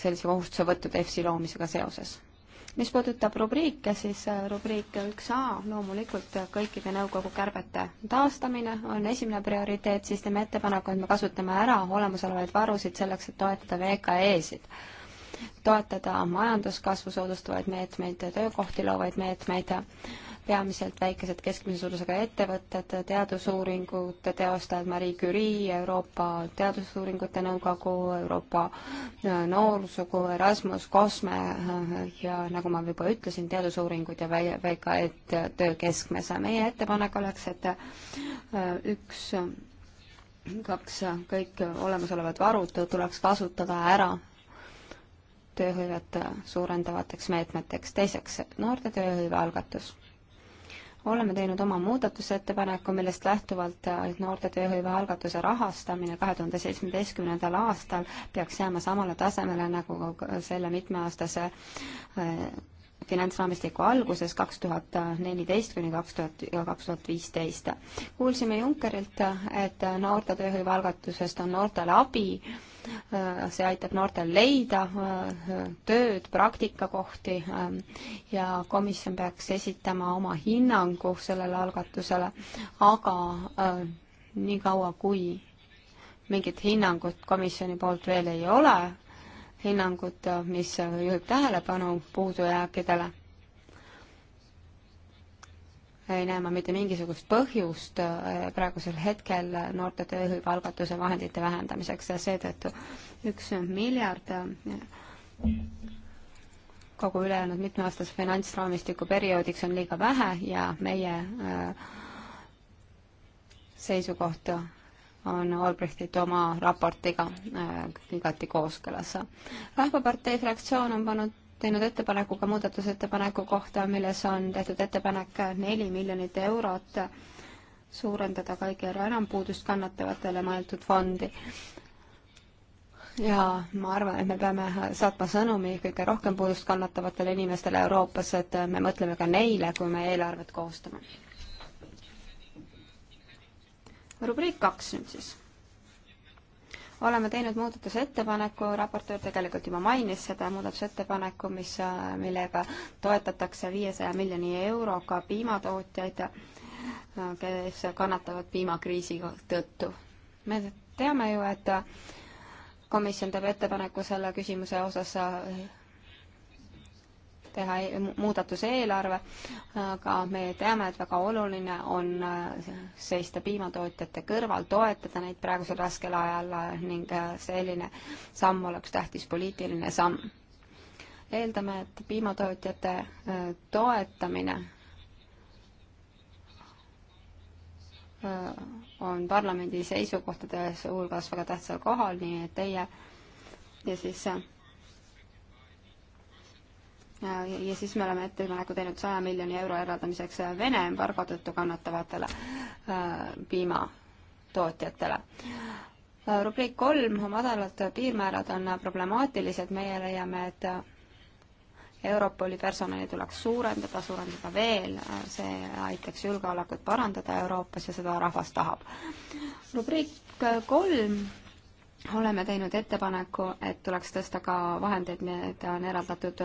sellise kohustuse võtnud EFSi loomisega seoses. mis puudutab rubriike, siis äh, rubriik üks A, loomulikult kõikide nõukogu kärbete taastamine on esimene prioriteet, siis teeme ettepaneku, et me kasutame ära olemasolevaid varusid selleks, et toetada VKE-sid toetada majanduskasvu soodustavaid meetmeid, töökohti loovaid meetmeid peamiselt väikesed keskmise suurusega ettevõtted, teadusuuringute teostajad Marie Curie, Euroopa Teadusuuringute Nõukogu, Euroopa äh, Noorsugu, Erasmus, Cosme äh, ja nagu ma juba ütlesin, teadusuuringud ja VKE-d töö keskmes. meie ettepanek oleks, et äh, üks kaks, kõik olemasolevad varud tuleks kasutada ära tööhõivet suurendavateks meetmeteks. teiseks, noorte tööhõive algatus oleme teinud oma muudatusettepaneku, millest lähtuvalt äh, noorte tööhõive algatuse rahastamine kahe tuhande seitsmeteistkümnendal aastal peaks jääma samale tasemele nagu selle mitmeaastase äh, finantsraamistiku alguses kaks tuhat neliteist kuni kaks tuhat ja kaks tuhat viisteist. kuulsime Junckerilt, äh, et noorte tööhõive algatusest on noortele abi see aitab noortel leida äh, tööd, praktikakohti äh, ja komisjon peaks esitama oma hinnangu sellele algatusele, aga äh, niikaua, kui mingit hinnangut komisjoni poolt veel ei ole, hinnangut, mis juhib tähelepanu puudujääkidele ei näe ma mitte mingisugust põhjust äh, praegusel hetkel noorte tööhõive algatuse vahendite vähendamiseks ja seetõttu üks miljard äh, kogu ülejäänud mitmeaastase finantsraamistiku perioodiks on liiga vähe ja meie äh, seisukoht on Albrechtit oma raportiga igati kooskõlas. rahvapartei fraktsioon on pannud teinud ettepaneku ka muudatusettepaneku kohta, milles on tehtud ettepanek neli miljonit eurot suurendada kõige enam puudust kannatavatele mõeldud fondi. ja ma arvan, et me peame saatma sõnumi kõige rohkem puudust kannatavatele inimestele Euroopas, et me mõtleme ka neile, kui me eelarvet koostame. rubriik kaks nüüd siis oleme teinud muudatusettepaneku, raportöör tegelikult juba mainis seda muudatusettepaneku, mis, millega toetatakse viiesaja miljoni euroga piimatootjaid, kes kannatavad piimakriisi tõttu. me teame ju, et komisjon teeb ettepaneku selle küsimuse osas teha e-, muudatuse eelarve, aga me teame, et väga oluline on äh, seista piimatootjate kõrval, toetada neid praegusel raskel ajal äh, ning äh, selline samm oleks tähtis poliitiline samm. eeldame, et piimatootjate toetamine on parlamendi seisukohtade hulgas väga tähtsal kohal, nii et teie ja siis ja siis me oleme ettepaneku teinud saja miljoni euro eraldamiseks äh, Vene embargo tõttu kannatavatele äh, piimatootjatele. Äh, rubriik kolm, madalad piirmäärad on problemaatilised, meie leiame, et Europoli personali tuleks suurendada, suurendada veel, see aitaks julgeolekut parandada Euroopas ja seda rahvas tahab. rubriik kolm oleme teinud ettepaneku, et tuleks tõsta ka vahendeid, mida on eraldatud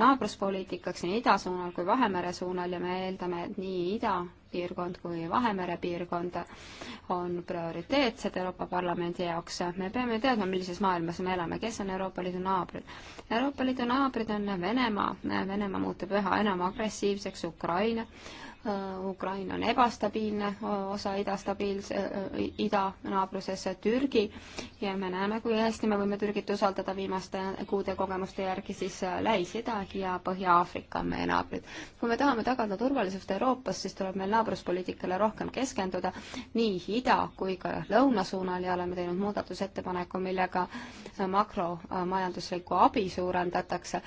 naabruspoliitikaks nii ida suunal kui Vahemere suunal ja me eeldame, et nii idapiirkond kui Vahemere piirkond on prioriteetsed Euroopa Parlamendi jaoks. me peame teadma, millises maailmas me elame, kes on Euroopa Liidu naabrid. Euroopa Liidu naabrid on Venemaa, Venemaa muutub üha enam agressiivseks, Ukraina Äh, Ukraina on ebastabiilne äh, osa idastabiilse, äh, idanaabruses Türgi ja me näeme, kui hästi me võime Türgit usaldada viimaste kuude kogemuste järgi, siis Lähis-Ida ja Põhja-Aafrika on meie naabrid. kui me tahame tagada turvalisust Euroopas, siis tuleb meil naabruspoliitikale rohkem keskenduda nii ida kui ka lõuna suunal ja oleme teinud muudatusettepaneku, millega makromajanduslikku abi suurendatakse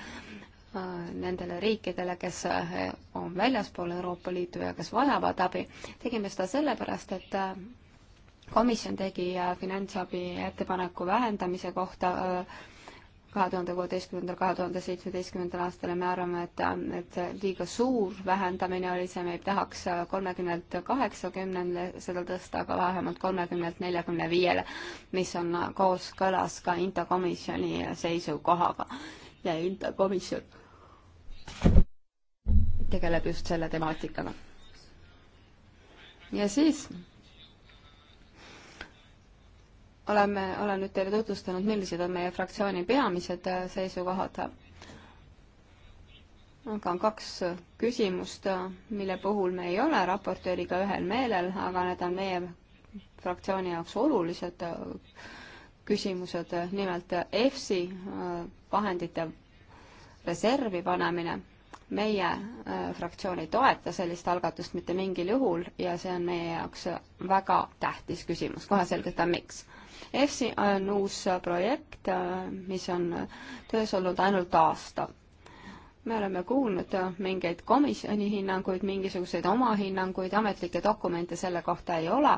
Äh, nendele riikidele, kes äh, on väljaspool Euroopa Liitu ja kes vajavad abi. tegime seda sellepärast, et äh, komisjon tegi finantsabi ettepaneku vähendamise kohta kahe tuhande kuueteistkümnendal, kahe tuhande seitsmeteistkümnendal aastal ja me arvame, et, et liiga suur vähendamine oli see, me ei tahaks kolmekümnelt kaheksakümnele seda tõsta, aga vähemalt kolmekümnelt neljakümne viiele, mis on kooskõlas ka Inta komisjoni seisukohaga ja Inta komisjon tegeleb just selle temaatikaga. ja siis oleme, olen nüüd teile tutvustanud, millised on meie fraktsiooni peamised äh, seisukohad. aga on kaks küsimust, äh, mille puhul me ei ole raportööriga ühel meelel, aga need on meie fraktsiooni jaoks olulised äh, küsimused, nimelt EFSI äh, vahendite reservi panemine. meie äh, fraktsioon ei toeta sellist algatust mitte mingil juhul ja see on meie jaoks väga tähtis küsimus, kohe selgitan, miks. EFSI on uus projekt, äh, mis on töös olnud ainult aasta me oleme kuulnud mingeid komisjoni hinnanguid, mingisuguseid oma hinnanguid, ametlikke dokumente selle kohta ei ole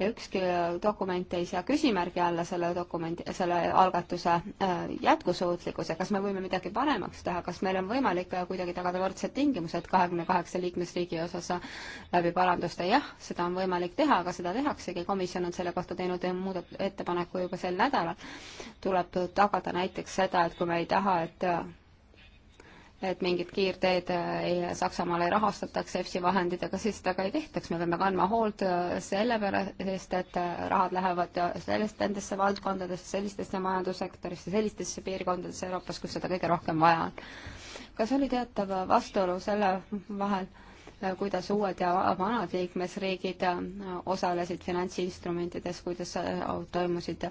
ja ükski dokument ei sea küsimärgi alla selle dokumendi, selle algatuse äh, jätkusuutlikkuse. kas me võime midagi paremaks teha, kas meil on võimalik äh, kuidagi tagada võrdsed tingimused kahekümne kaheksa liikmesriigi osas äh, läbi paranduste? jah, seda on võimalik teha, aga seda tehaksegi, komisjon on selle kohta teinud muudat-, ettepaneku juba sel nädalal. tuleb tagada näiteks seda, et kui me ei taha, et et mingit kiirteed äh, ei, Saksamaal ei rahastataks EFSI vahenditega, siis seda ka ei tehtaks, me peame kandma hoolt äh, selle pärast, et äh, rahad lähevad sellest, nendesse valdkondadesse, sellistesse majandussektorisse, sellistesse piirkondadesse Euroopas, kus seda kõige rohkem vaja on. kas oli teatav vastuolu selle vahel, Äh, kuidas uued ja vanad liikmesriigid äh, osalesid finantsinstrumentides, kuidas äh, toimusid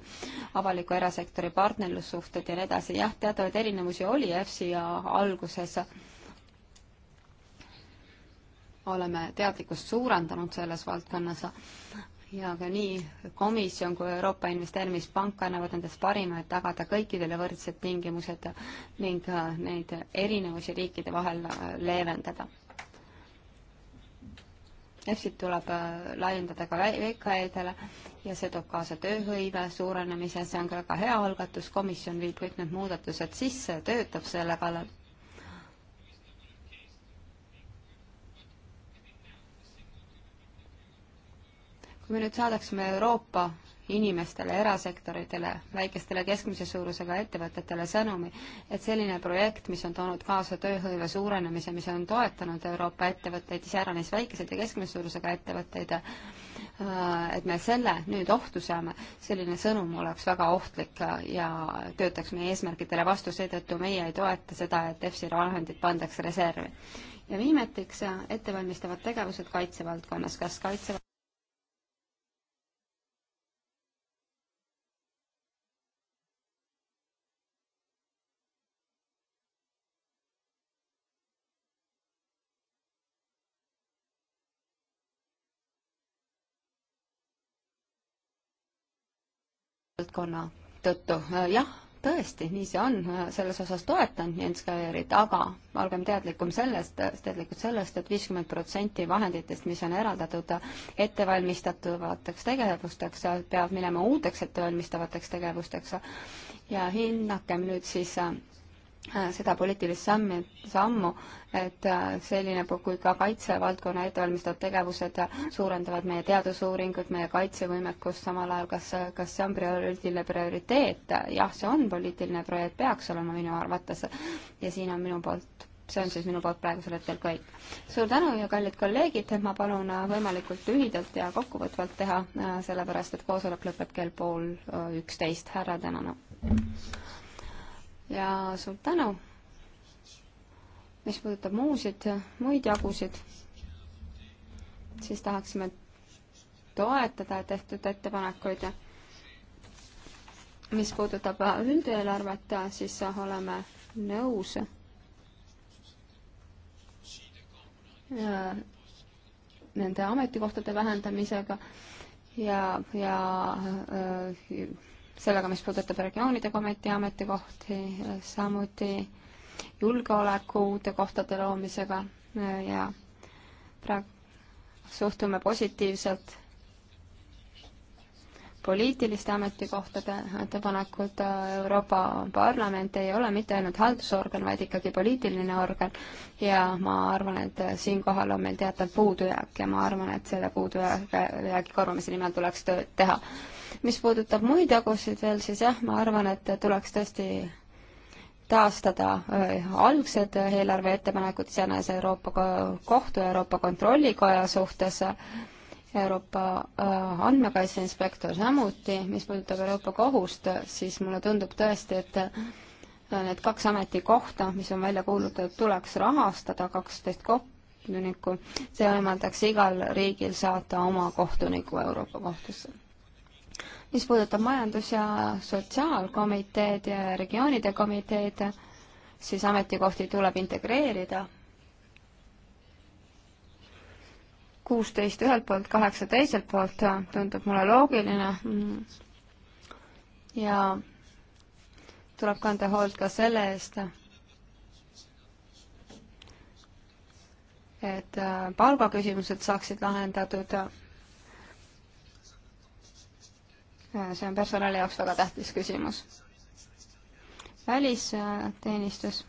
avaliku erasektori partnerlussuhted ja nii edasi. jah, teatavaid erinevusi oli EFSI alguses. oleme teadlikkust suurendanud selles valdkonnas ja ka nii komisjon kui Euroopa Investeerimispank annavad endast parima, et tagada kõikidele võrdsed tingimused ning neid erinevusi riikide vahel leevendada EFSit tuleb äh, laiendada ka VKE-dele ja see toob kaasa tööhõive suurenemise, see on ka väga hea algatus, komisjon viib kõik need muudatused sisse, töötab selle kallal. kui me nüüd saadaksime Euroopa inimestele, erasektoritele, väikestele keskmise suurusega ettevõtetele sõnumi, et selline projekt, mis on toonud kaasa tööhõive suurenemise, mis on toetanud Euroopa ettevõtteid, iseäranis väikeseid ja keskmise suurusega ettevõtteid, äh, et me selle nüüd ohtu seame, selline sõnum oleks väga ohtlik ja töötaks meie eesmärkidele vastu, seetõttu meie ei toeta seda, et EFSI vahendid pandaks reservi. ja viimeteks äh, ettevalmistavad tegevused kaitsevaldkonnas, kas kaitse valdkonna tõttu, jah, tõesti, nii see on, selles osas toetan Jens Kairit, aga olgem teadlikum sellest, teadlikud sellest et, et viiskümmend protsenti vahenditest, mis on eraldatud ettevalmistatavateks tegevusteks, peab minema uuteks ettevalmistavateks tegevusteks ja hinnakem nüüd siis Äh, seda poliitilist sammi, sammu, et äh, selline, kui ka kaitsevaldkonna ettevalmistavad tegevused äh, suurendavad meie teadusuuringut, meie kaitsevõimekust samal ajal, kas, kas see on prioritiline prioriteet? jah, see on poliitiline projekt, peaks olema minu arvates. ja siin on minu poolt, see on siis minu poolt praegusel hetkel kõik. suur tänu ja kallid kolleegid, ma palun võimalikult lühidalt ja kokkuvõtvalt teha, sellepärast et koosolek lõpeb kell pool üksteist. härra Tänanu ja suur tänu. mis puudutab muusid, muid jagusid, siis tahaksime toetada tehtud ettepanekuid. mis puudutab üldeelarvet, siis oleme nõus äh, nende ametikohtade vähendamisega ja, ja öö, äh, sellega, mis puudutab regioonide kometi ametikohti, samuti julgeoleku uute kohtade loomisega äh, ja praegu suhtume positiivselt poliitiliste ametikohtade ettepanekud, Euroopa Parlament ei ole mitte ainult haldusorgan, vaid ikkagi poliitiline organ ja ma arvan, et siinkohal on meil teatav puudujääk ja ma arvan, et selle puudujäägi korvamise nimel tuleks tööd teha mis puudutab muid jagusid veel, siis jah, ma arvan, et tuleks tõesti taastada äh, algsed eelarve ettepanekud iseenesest Euroopa Kohtu ja Euroopa Kontrollikoja suhtes Euroopa äh, andmekaitse inspektor samuti, mis puudutab Euroopa Kohust, siis mulle tundub tõesti, et äh, need kaks ametikohta, mis on välja kuulutatud, tuleks rahastada, kaksteist kohtunikku, see võimaldaks igal riigil saata oma kohtuniku Euroopa kohtusse mis puudutab majandus- ja sotsiaalkomiteed ja regioonide komiteed, siis ametikohti tuleb integreerida. kuusteist ühelt poolt, kaheksa teiselt poolt tundub mulle loogiline. ja tuleb kanda hoolt ka selle eest, et palgaküsimused saaksid lahendatud see on personali jaoks väga tähtis küsimus. välisteenistus.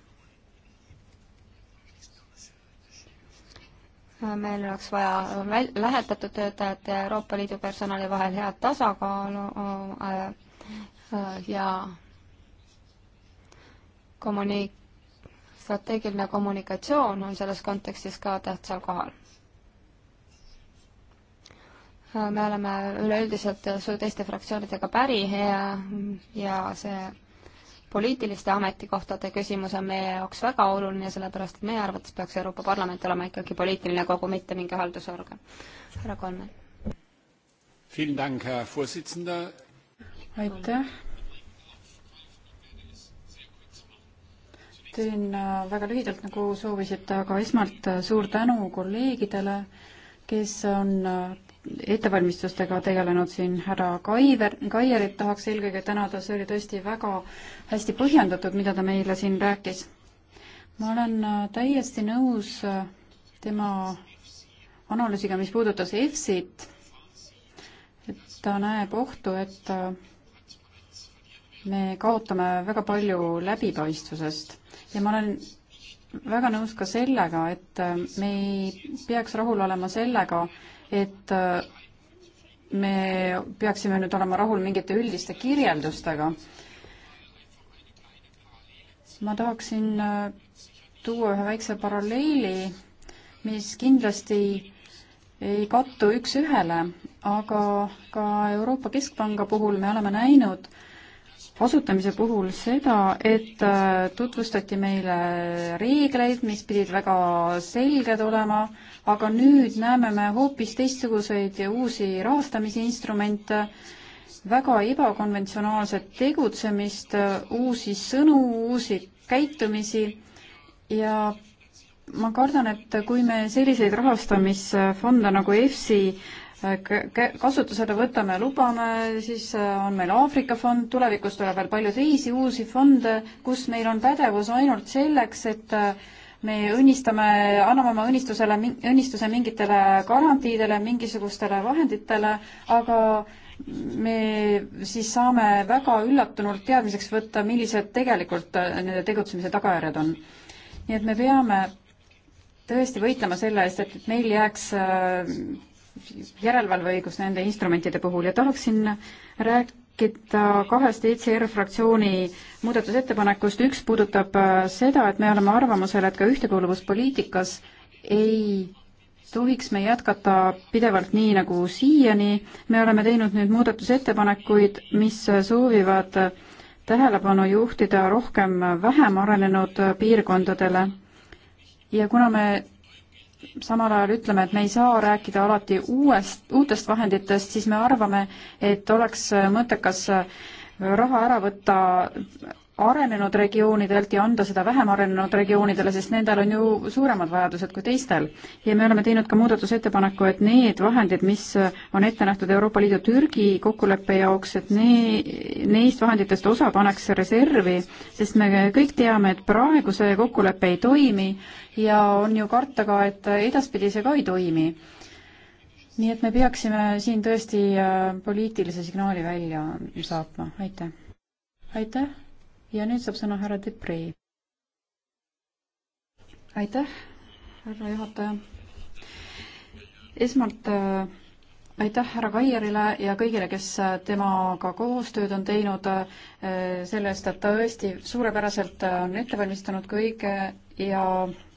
meil oleks vaja väl-, lähetatud töötajate ja Euroopa Liidu personali vahel head tasakaalu äh, äh, ja kommuni-, strateegiline kommunikatsioon on selles kontekstis ka tähtsal kohal me oleme üleüldiselt teiste fraktsioonidega päri ja, ja see poliitiliste ametikohtade küsimus on meie jaoks väga oluline, sellepärast et meie arvates peaks Euroopa Parlament olema ikkagi poliitiline kogu, mitte mingi haldusorgan. härra Kolmen. aitäh. teen äh, väga lühidalt, nagu soovisite, aga esmalt äh, suur tänu kolleegidele, kes on äh, ettevalmistustega tegelenud siin härra Kaiver, Kaierit tahaks eelkõige tänada, see oli tõesti väga hästi põhjendatud, mida ta meile siin rääkis. ma olen äh, täiesti nõus äh, tema analüüsiga, mis puudutas EFSit, et ta näeb ohtu, et äh, me kaotame väga palju läbipaistvusest ja ma olen väga nõus ka sellega, et me ei peaks rahul olema sellega, et äh, me peaksime nüüd olema rahul mingite üldiste kirjeldustega. ma tahaksin äh, tuua ühe väikse paralleeli, mis kindlasti ei kattu üks-ühele, aga ka Euroopa Keskpanga puhul me oleme näinud, asutamise puhul seda, et äh, tutvustati meile reegleid, mis pidid väga selged olema, aga nüüd näeme me hoopis teistsuguseid ja uusi rahastamisinstrumente, väga ebakonventsionaalset tegutsemist, uusi sõnu, uusi käitumisi ja ma kardan, et kui me selliseid rahastamisfonde nagu EFSI Äh, kasutusele võtame, lubame, siis äh, on meil Aafrika fond, tulevikus tuleb veel palju teisi uusi fonde, kus meil on pädevus ainult selleks, et äh, me õnnistame, anname oma õnnistusele, õnnistuse mingitele garantiidele, mingisugustele vahenditele, aga me siis saame väga üllatunult teadmiseks võtta, millised tegelikult nende tegutsemise tagajärjed on. nii et me peame tõesti võitlema selle eest, et meil jääks järelevalveõigus nende instrumentide puhul ja tahaksin rääkida kahest ECR fraktsiooni muudatusettepanekust. üks puudutab äh, seda, et me oleme arvamusel, et ka ühtekuuluvuspoliitikas ei tohiks me jätkata pidevalt nii nagu siiani. me oleme teinud nüüd muudatusettepanekuid, mis soovivad tähelepanu juhtida rohkem vähem arenenud piirkondadele. ja kuna me samal ajal ütleme, et me ei saa rääkida alati uuest, uutest vahenditest, siis me arvame, et oleks mõttekas raha ära võtta arenenud regioonidelt ja anda seda vähem arenenud regioonidele, sest nendel on ju suuremad vajadused kui teistel. ja me oleme teinud ka muudatusettepaneku, et need vahendid, mis on ette nähtud Euroopa Liidu Türgi kokkuleppe jaoks, et ne-, neist vahenditest osa paneks reservi, sest me kõik teame, et praegu see kokkulepe ei toimi ja on ju karta ka, et edaspidi see ka ei toimi. nii et me peaksime siin tõesti äh, poliitilise signaali välja saatma, aitäh. aitäh ja nüüd saab sõna härra Depree. aitäh, härra juhataja. esmalt äh, aitäh härra Kaierile ja kõigile, kes äh, temaga koostööd on teinud äh, selle eest, et ta tõesti suurepäraselt on ette valmistanud kõige ja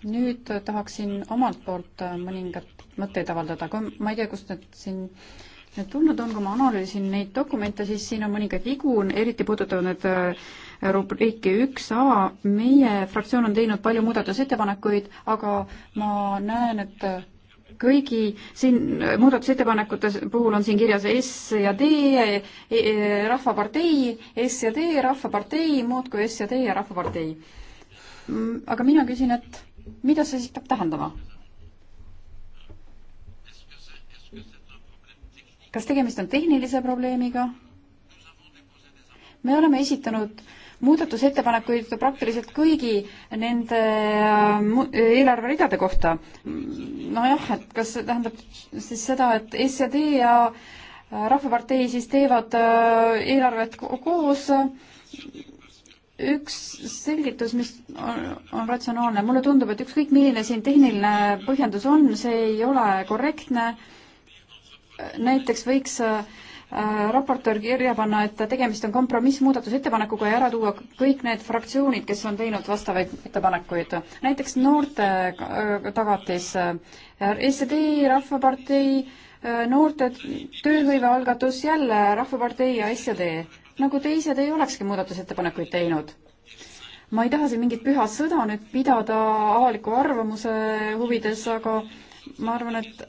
nüüd tahaksin omalt poolt mõningat mõtteid avaldada, ma ei tea, kust need siin äh, tulnud on, kui ma analüüsin neid dokumente, siis siin on mõningaid vigu, eriti puudutavad need äh, rubriiki üks A. meie fraktsioon on teinud palju muudatusettepanekuid, aga ma näen, et kõigi siin äh, muudatusettepanekute puhul on siin kirjas S ja D äh, e, e, Rahvapartei, S ja D Rahvapartei, muudkui S ja D ja Rahvapartei. Mm, aga mina küsin, et mida see siis peab tähendama? kas tegemist on tehnilise probleemiga? me oleme esitanud muudatusettepanekuid praktiliselt kõigi nende äh, eelarveridade kohta. nojah, et kas see tähendab siis seda, et SED ja äh, Rahvapartei siis teevad äh, eelarvet koos. üks selgitus, mis on, on ratsionaalne, mulle tundub, et ükskõik, milline siin tehniline põhjendus on, see ei ole korrektne äh, näiteks võiks äh, äh, raportöör kirja panna, et tegemist on kompromissmuudatusettepanekuga ja ära tuua kõik need fraktsioonid, kes on teinud vastavaid ettepanekuid. näiteks noorte äh, tagatis, SED, Rahvapartei, noorte tööhõivealgatus, jälle Rahvapartei ja SED. nagu teised ei olekski muudatusettepanekuid teinud ma ei taha siin mingit püha sõda nüüd pidada avaliku arvamuse huvides, aga ma arvan, et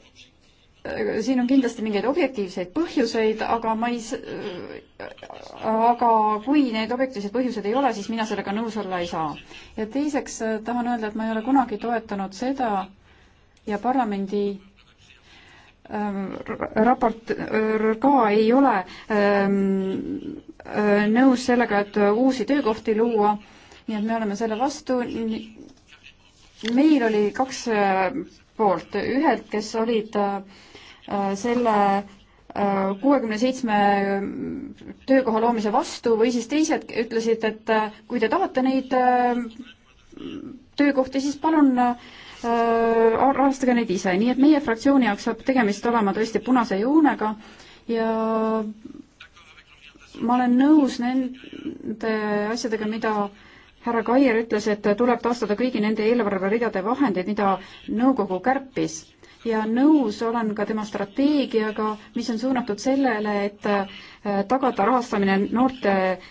Äh, siin on kindlasti mingeid objektiivseid põhjuseid, aga ma ei, äh, aga kui need objektiivsed põhjused ei ole, siis mina sellega nõus olla ei saa. ja teiseks äh, tahan öelda, et ma ei ole kunagi toetanud seda ja parlamendi ähm, raport ka ei ole ähm, nõus sellega, et uusi töökohti luua, nii et me oleme selle vastu. meil oli kaks poolt, ühed, kes olid äh, Äh, selle äh, kuuekümne seitsme töökoha loomise vastu või siis teised ütlesid, et äh, kui te tahate neid töökohti, siis palun rahastage neid ise, nii et meie fraktsiooni jaoks saab tegemist olema tõesti punase joonega ja ma olen nõus nende asjadega, mida härra Kaier ütles, et tuleb taastada kõigi nende eelarveridade vahendeid, mida nõukogu kärpis ja nõus olen ka tema strateegiaga, mis on suunatud sellele, et äh, tagada rahastamine noorte äh,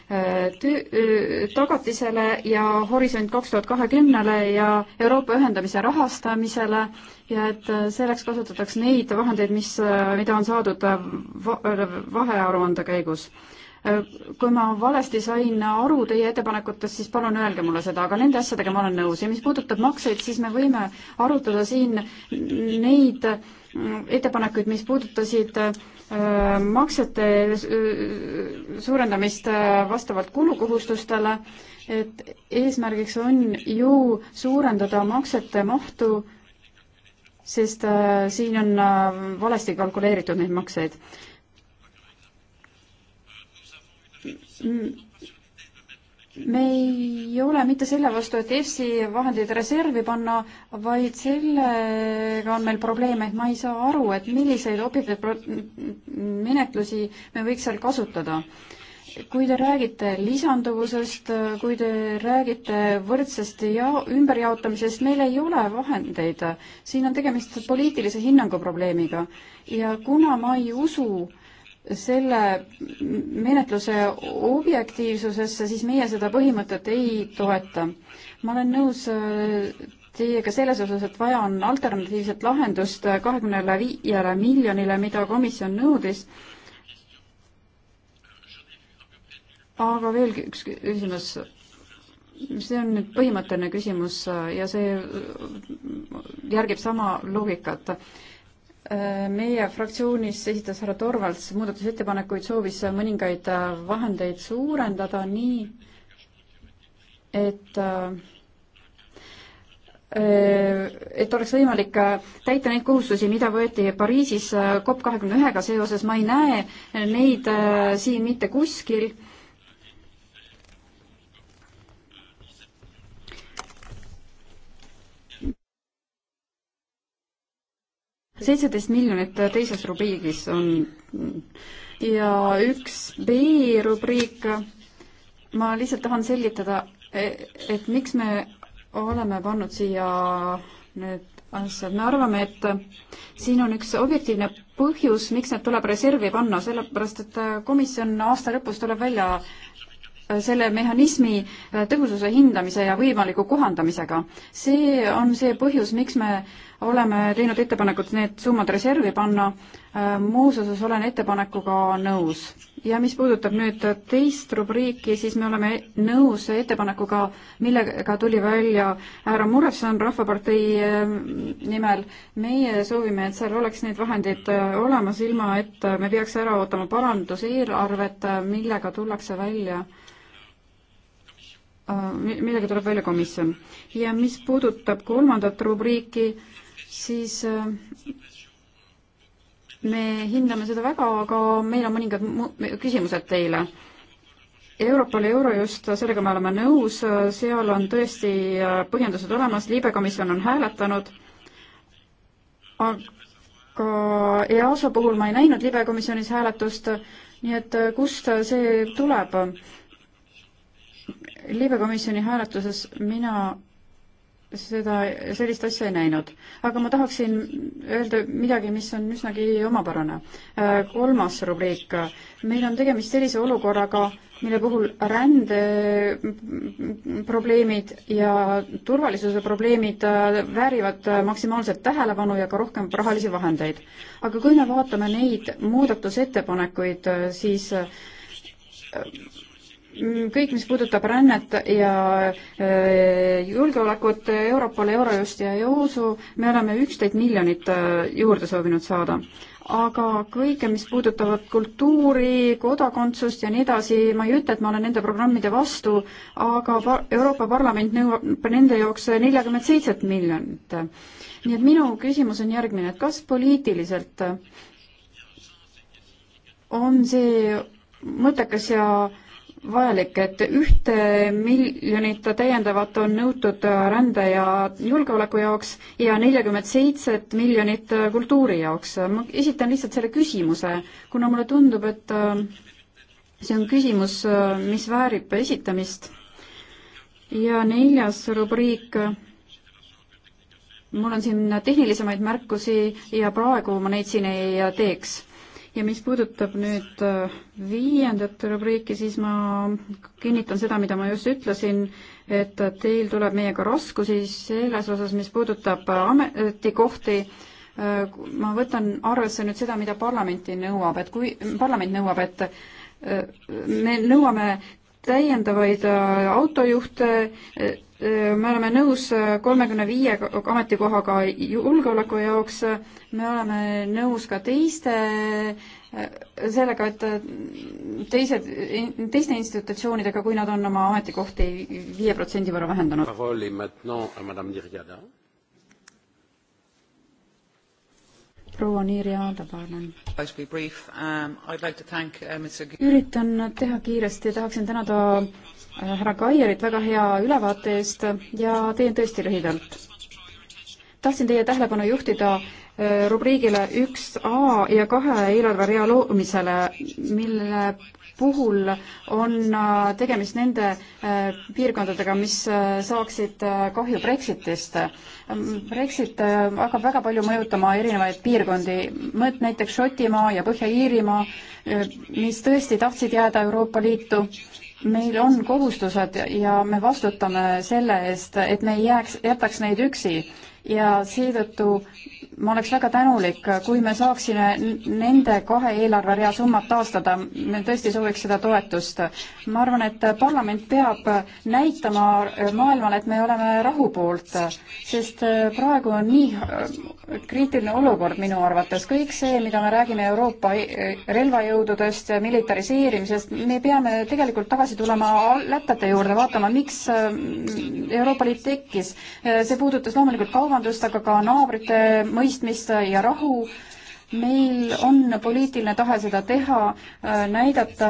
töö, äh, tagatisele ja Horisont kaks tuhat kahekümnele ja Euroopa ühendamise rahastamisele ja et selleks kasutatakse neid vahendeid, mis, mida on saadud vahearuande käigus kui ma valesti sain aru teie ettepanekutest, siis palun öelge mulle seda, aga nende asjadega ma olen nõus ja mis puudutab makseid, siis me võime arutada siin neid ettepanekuid, mis puudutasid äh, maksete äh, suurendamist äh, vastavalt kulukohustustele, et eesmärgiks on ju suurendada maksete mahtu sest äh, siin on äh, valesti kalkuleeritud neid makseid. Mm. me ei ole mitte selle vastu, et EFSI vahendeid reservi panna, vaid sellega on meil probleeme, et ma ei saa aru, et milliseid objektiivseid menetlusi me võiks seal kasutada. kui te räägite lisanduvusest, kui te räägite võrdsest ja ümberjaotamisest, meil ei ole vahendeid. siin on tegemist poliitilise hinnangu probleemiga ja kuna ma ei usu, selle menetluse objektiivsusesse, siis meie seda põhimõtet ei toeta. ma olen nõus äh, teiega selles osas, et vaja on alternatiivset lahendust kahekümnele viiele miljonile, mida komisjon nõudis. aga veel üks küsimus. see on nüüd põhimõtteline küsimus ja see järgib sama loogikat meie fraktsioonis esitas härra Torvalds muudatusettepanekuid, soovis mõningaid äh, vahendeid suurendada nii, et äh, äh, et oleks võimalik täita neid kohustusi, mida võeti Pariisis COP kahekümne ühega seoses, ma ei näe neid siin mitte kuskil seitseteist miljonit teises rubriigis on ja üks B rubriik, ma lihtsalt tahan selgitada, e, et miks me oleme pannud siia need asjad, me arvame, et siin on üks objektiivne põhjus, miks need tuleb reservi panna, sellepärast et komisjon aasta lõpus tuleb välja selle mehhanismi tõhususe hindamise ja võimaliku kohandamisega. see on see põhjus, miks me äh, oleme teinud ettepanekut need summad reservi panna. Äh, muus osas olen ettepanekuga nõus. ja mis puudutab nüüd teist rubriiki, siis me oleme nõus ettepanekuga, millega tuli välja härra Muresson Rahvapartei äh, nimel. meie soovime, et seal oleks need vahendid äh, olemas, ilma et me peaks ära ootama paranduseelarvet, millega tullakse välja millega tuleb välja komisjon. ja mis puudutab kolmandat rubriiki, siis äh, me hindame seda väga, aga meil on mõningad küsimused teile. Europol ja Eurojust, sellega me oleme nõus, seal on tõesti äh, põhjendused olemas, liibekomisjon on hääletanud, aga EASO puhul ma ei näinud liibekomisjonis hääletust, nii et äh, kust see tuleb? liibekomisjoni hääletuses mina seda, sellist asja ei näinud. aga ma tahaksin öelda midagi, mis on üsnagi omapärane. Äh, kolmas rubriik. meil on tegemist sellise olukorraga, mille puhul rändeprobleemid ja turvalisuse probleemid äh, väärivad äh, maksimaalset tähelepanu ja ka rohkem rahalisi vahendeid. aga kui me vaatame neid muudatusettepanekuid, siis Mm, kõik, mis puudutab rännet ja äh, julgeolekut, Europol, Eurojust ja EUSU, me oleme üksteist miljonit äh, juurde soovinud saada. aga kõike, mis puudutavad kultuuri, kodakondsust ja nii edasi, ma ei ütle, et ma olen nende programmide vastu, aga Euroopa Parlament nõuab nende jaoks neljakümmet seitset miljonit. nii et minu küsimus on järgmine, et kas poliitiliselt on see mõttekas ja äh, vajalik, et ühte miljonit täiendavat on nõutud rände ja julgeoleku jaoks ja neljakümmet seitset miljonit kultuuri jaoks. ma esitan lihtsalt selle küsimuse, kuna mulle tundub, et äh, see on küsimus, äh, mis väärib esitamist. ja neljas rubriik, mul on siin tehnilisemaid märkusi ja praegu ma neid siin ei äh, teeks ja mis puudutab nüüd äh, viiendat rubriiki, siis ma kinnitan seda, mida ma just ütlesin, et teil tuleb meiega raskusi selles osas, mis puudutab äh, ametikohti. Äh, ma võtan arvesse nüüd seda, mida parlamenti nõuab, et kui parlament nõuab, et me nõuame täiendavaid autojuhte, me oleme nõus äh, kolmekümne viie ametikohaga julgeoleku jaoks, me oleme nõus ka teiste, äh, sellega, et äh, teised, teiste institutsioonidega, kui nad on oma ametikohti viie protsendi võrra vähendanud. proua Nirja Tabarnen. Um, uh, üritan teha kiiresti, tahaksin tänada härra Kaierit väga hea ülevaate eest ja teen tõesti lühidalt. tahtsin teie tähelepanu juhtida äh, rubriigile üks A ja kahe eelarverea loomisele, mille puhul on äh, tegemist nende äh, piirkondadega, mis saaksid kahju Brexitist. Ähm, Brexit hakkab väga palju mõjutama erinevaid piirkondi, mõt-, näiteks Šotimaa ja Põhja-Iirimaa, mis tõesti tahtsid jääda Euroopa Liitu meil on kohustused ja me vastutame selle eest, et me ei jääks, jätaks neid üksi ja seetõttu ma oleks väga tänulik, kui me saaksime nende kahe eelarverea summad taastada, me tõesti sooviks seda toetust. ma arvan, et parlament peab näitama maailmale, et me oleme rahu poolt, sest praegu on nii äh, kriitiline olukord minu arvates, kõik see, mida me räägime Euroopa äh, relvajõududest, militariseerimisest, me peame tegelikult tagasi tulema lätete juurde, vaatama, miks äh, Euroopa Liit tekkis. see puudutas loomulikult kauba kaubandust, aga ka naabrite mõistmist ja rahu. meil on poliitiline tahe seda teha, äh, näidata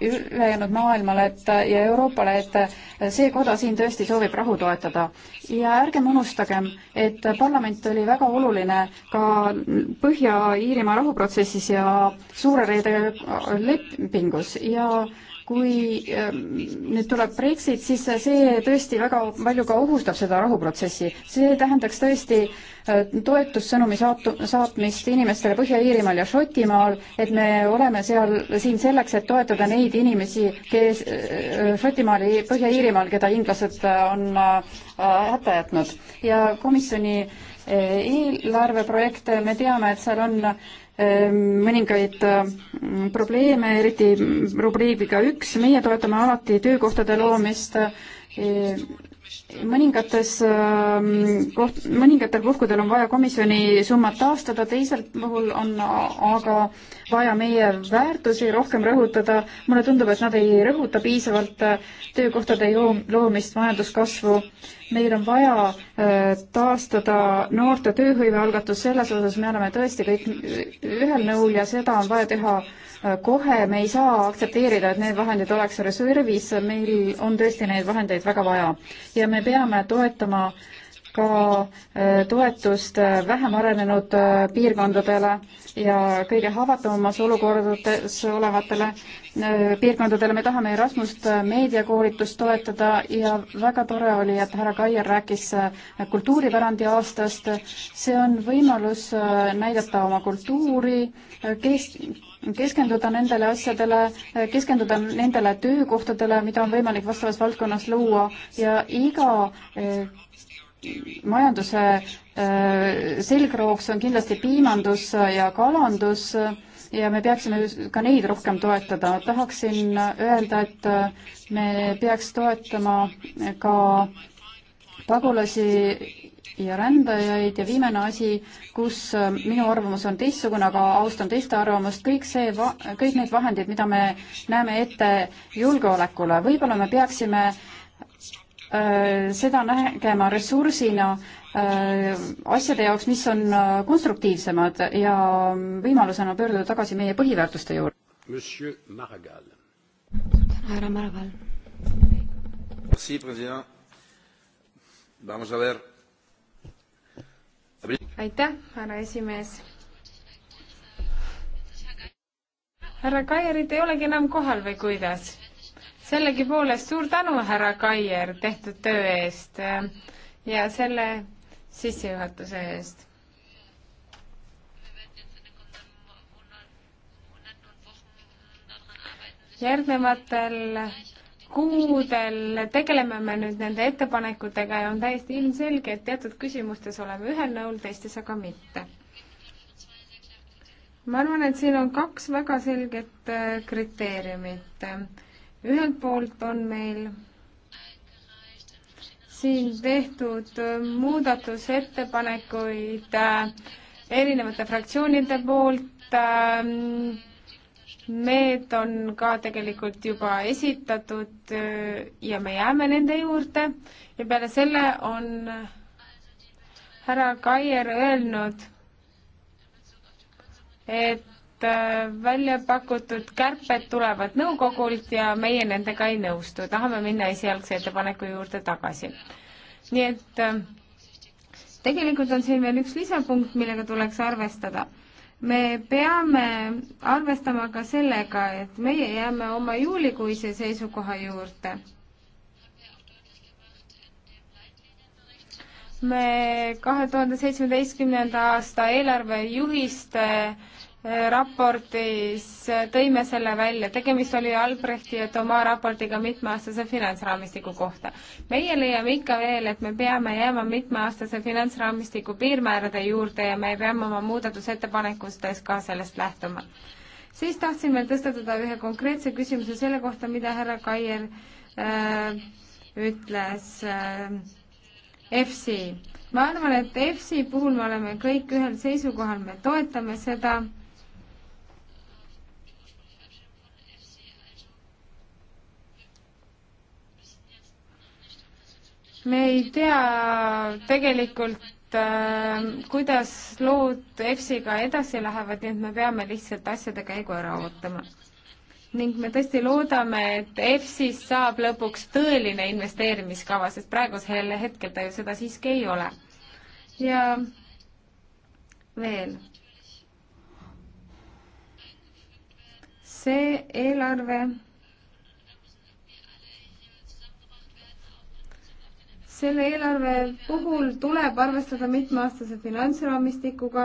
ülejäänud maailmale, et ja Euroopale, et äh, see koda siin tõesti soovib rahu toetada. ja ärgem unustagem, et parlament oli väga oluline ka Põhja-Iirimaa rahuprotsessis ja Suure Reede lepingus ja kui ähm, nüüd tuleb Brexit, siis see tõesti väga palju ka ohustab seda rahuprotsessi. see tähendaks tõesti äh, toetussõnumi saatu-, saatmist inimestele Põhja-Iirimaal ja Šotimaal, et me oleme seal, siin selleks, et toetada neid inimesi, kes äh, Šotimaal ja Põhja-Iirimaal, keda inglased äh, on hätta jätnud. ja komisjoni eelarveprojekte, me teame, et seal on Ehm, mõningaid äh, probleeme, eriti rubriigiga üks, meie toetame alati töökohtade loomist äh, mõningates ähm, koht-, mõningatel puhkudel on vaja komisjoni summad taastada, teisel puhul on aga vaja meie väärtusi rohkem rõhutada. mulle tundub, et nad ei rõhuta piisavalt äh, töökohtade loomist, majanduskasvu. meil on vaja äh, taastada noorte tööhõive algatus, selles osas me oleme tõesti kõik ühel nõul ja seda on vaja teha kohe, me ei saa aktsepteerida, et need vahendid oleks reservis, meil on tõesti neid vahendeid väga vaja ja me peame toetama äh, ka äh, toetust äh, vähem arenenud äh, piirkondadele ja kõige haavatavamas olukordades olevatele piirkondadele. me tahame Erasmust meediakoolitust toetada ja väga tore oli, et härra Kaier rääkis kultuuripärandi aastast. see on võimalus näidata oma kultuuri, kes, keskenduda nendele asjadele, keskenduda nendele töökohtadele, mida on võimalik vastavas valdkonnas luua ja iga majanduse äh, selgrooks on kindlasti piimandus ja kalandus ja me peaksime ka neid rohkem toetada. tahaksin öelda, et me peaks toetama ka pagulasi ja rändajaid ja viimane asi, kus minu arvamus on teistsugune, aga austan teiste arvamust, kõik see, kõik need vahendid, mida me näeme ette julgeolekule, võib-olla me peaksime äh, Äh, seda nägema ressursina äh, asjade jaoks, mis on äh, konstruktiivsemad ja võimalusena pöörduda tagasi meie põhiväärtuste juurde. suur tänu, härra Margal. aitäh, härra esimees härra Kairit ei olegi enam kohal või kuidas? sellegipoolest suur tänu, härra Kaier, tehtud töö eest äh, ja selle sissejuhatuse eest. järgnevatel kuudel tegeleme me nüüd nende ettepanekutega ja on täiesti ilmselge, et teatud küsimustes oleme ühel nõul, teistes aga mitte. ma arvan, et siin on kaks väga selget äh, kriteeriumit ühelt poolt on meil siin tehtud muudatusettepanekuid äh, erinevate fraktsioonide poolt. Ähm, need on ka tegelikult juba esitatud äh, ja me jääme nende juurde ja peale selle on härra Kaier öelnud, et Äh, välja pakutud kärped tulevad nõukogult ja meie nendega ei nõustu, tahame minna esialgse ettepaneku juurde tagasi. nii et äh, tegelikult on siin veel üks lisapunkt, millega tuleks arvestada. me peame arvestama ka sellega, et meie jääme oma juulikuise seisukoha juurde. me kahe tuhande seitsmeteistkümnenda aasta eelarvejuhiste äh, raportis tõime selle välja, tegemist oli Albrechti ja Toma raportiga mitmeaastase finantsraamistiku kohta. meie leiame ikka veel, et me peame jääma mitmeaastase finantsraamistiku piirmäärade juurde ja me peame oma muudatusettepanekutes ka sellest lähtuma. siis tahtsin veel tõstatada ühe konkreetse küsimuse selle kohta, mida härra Kaier äh, ütles äh, EFSI ma arvan, et EFSi puhul me oleme kõik ühel seisukohal, me toetame seda me ei tea tegelikult äh,, kuidas lood EFSiga edasi lähevad, nii et me peame lihtsalt asjade käigu ära ootama. ning me tõesti loodame, et EFSist saab lõpuks tõeline investeerimiskava, sest praegusel hetkel ta ju seda siiski ei ole. ja veel. see eelarve selle eelarve puhul tuleb arvestada mitmeaastase finantsraamistikuga.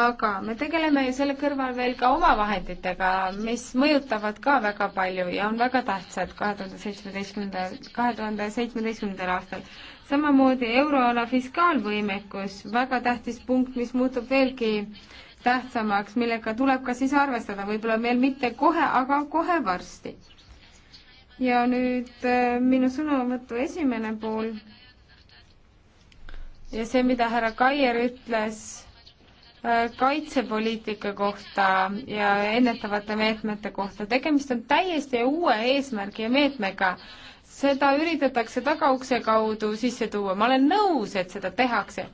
aga me tegeleme ju selle kõrval veel ka omavahenditega, mis mõjutavad ka väga palju ja on väga tähtsad kahe tuhande seitsmeteistkümnenda, kahe tuhande seitsmeteistkümnendal aastal samamoodi euroala fiskaalvõimekus, väga tähtis punkt, mis muutub veelgi tähtsamaks, millega tuleb ka siis arvestada, võib-olla meil mitte kohe, aga kohe varsti. ja nüüd äh, minu sõnavõtu esimene pool ja see, mida härra Kaier ütles äh, kaitsepoliitika kohta ja ennetavate meetmete kohta. tegemist on täiesti uue eesmärgi ja meetmega. seda üritatakse tagaukse kaudu sisse tuua, ma olen nõus, et seda tehakse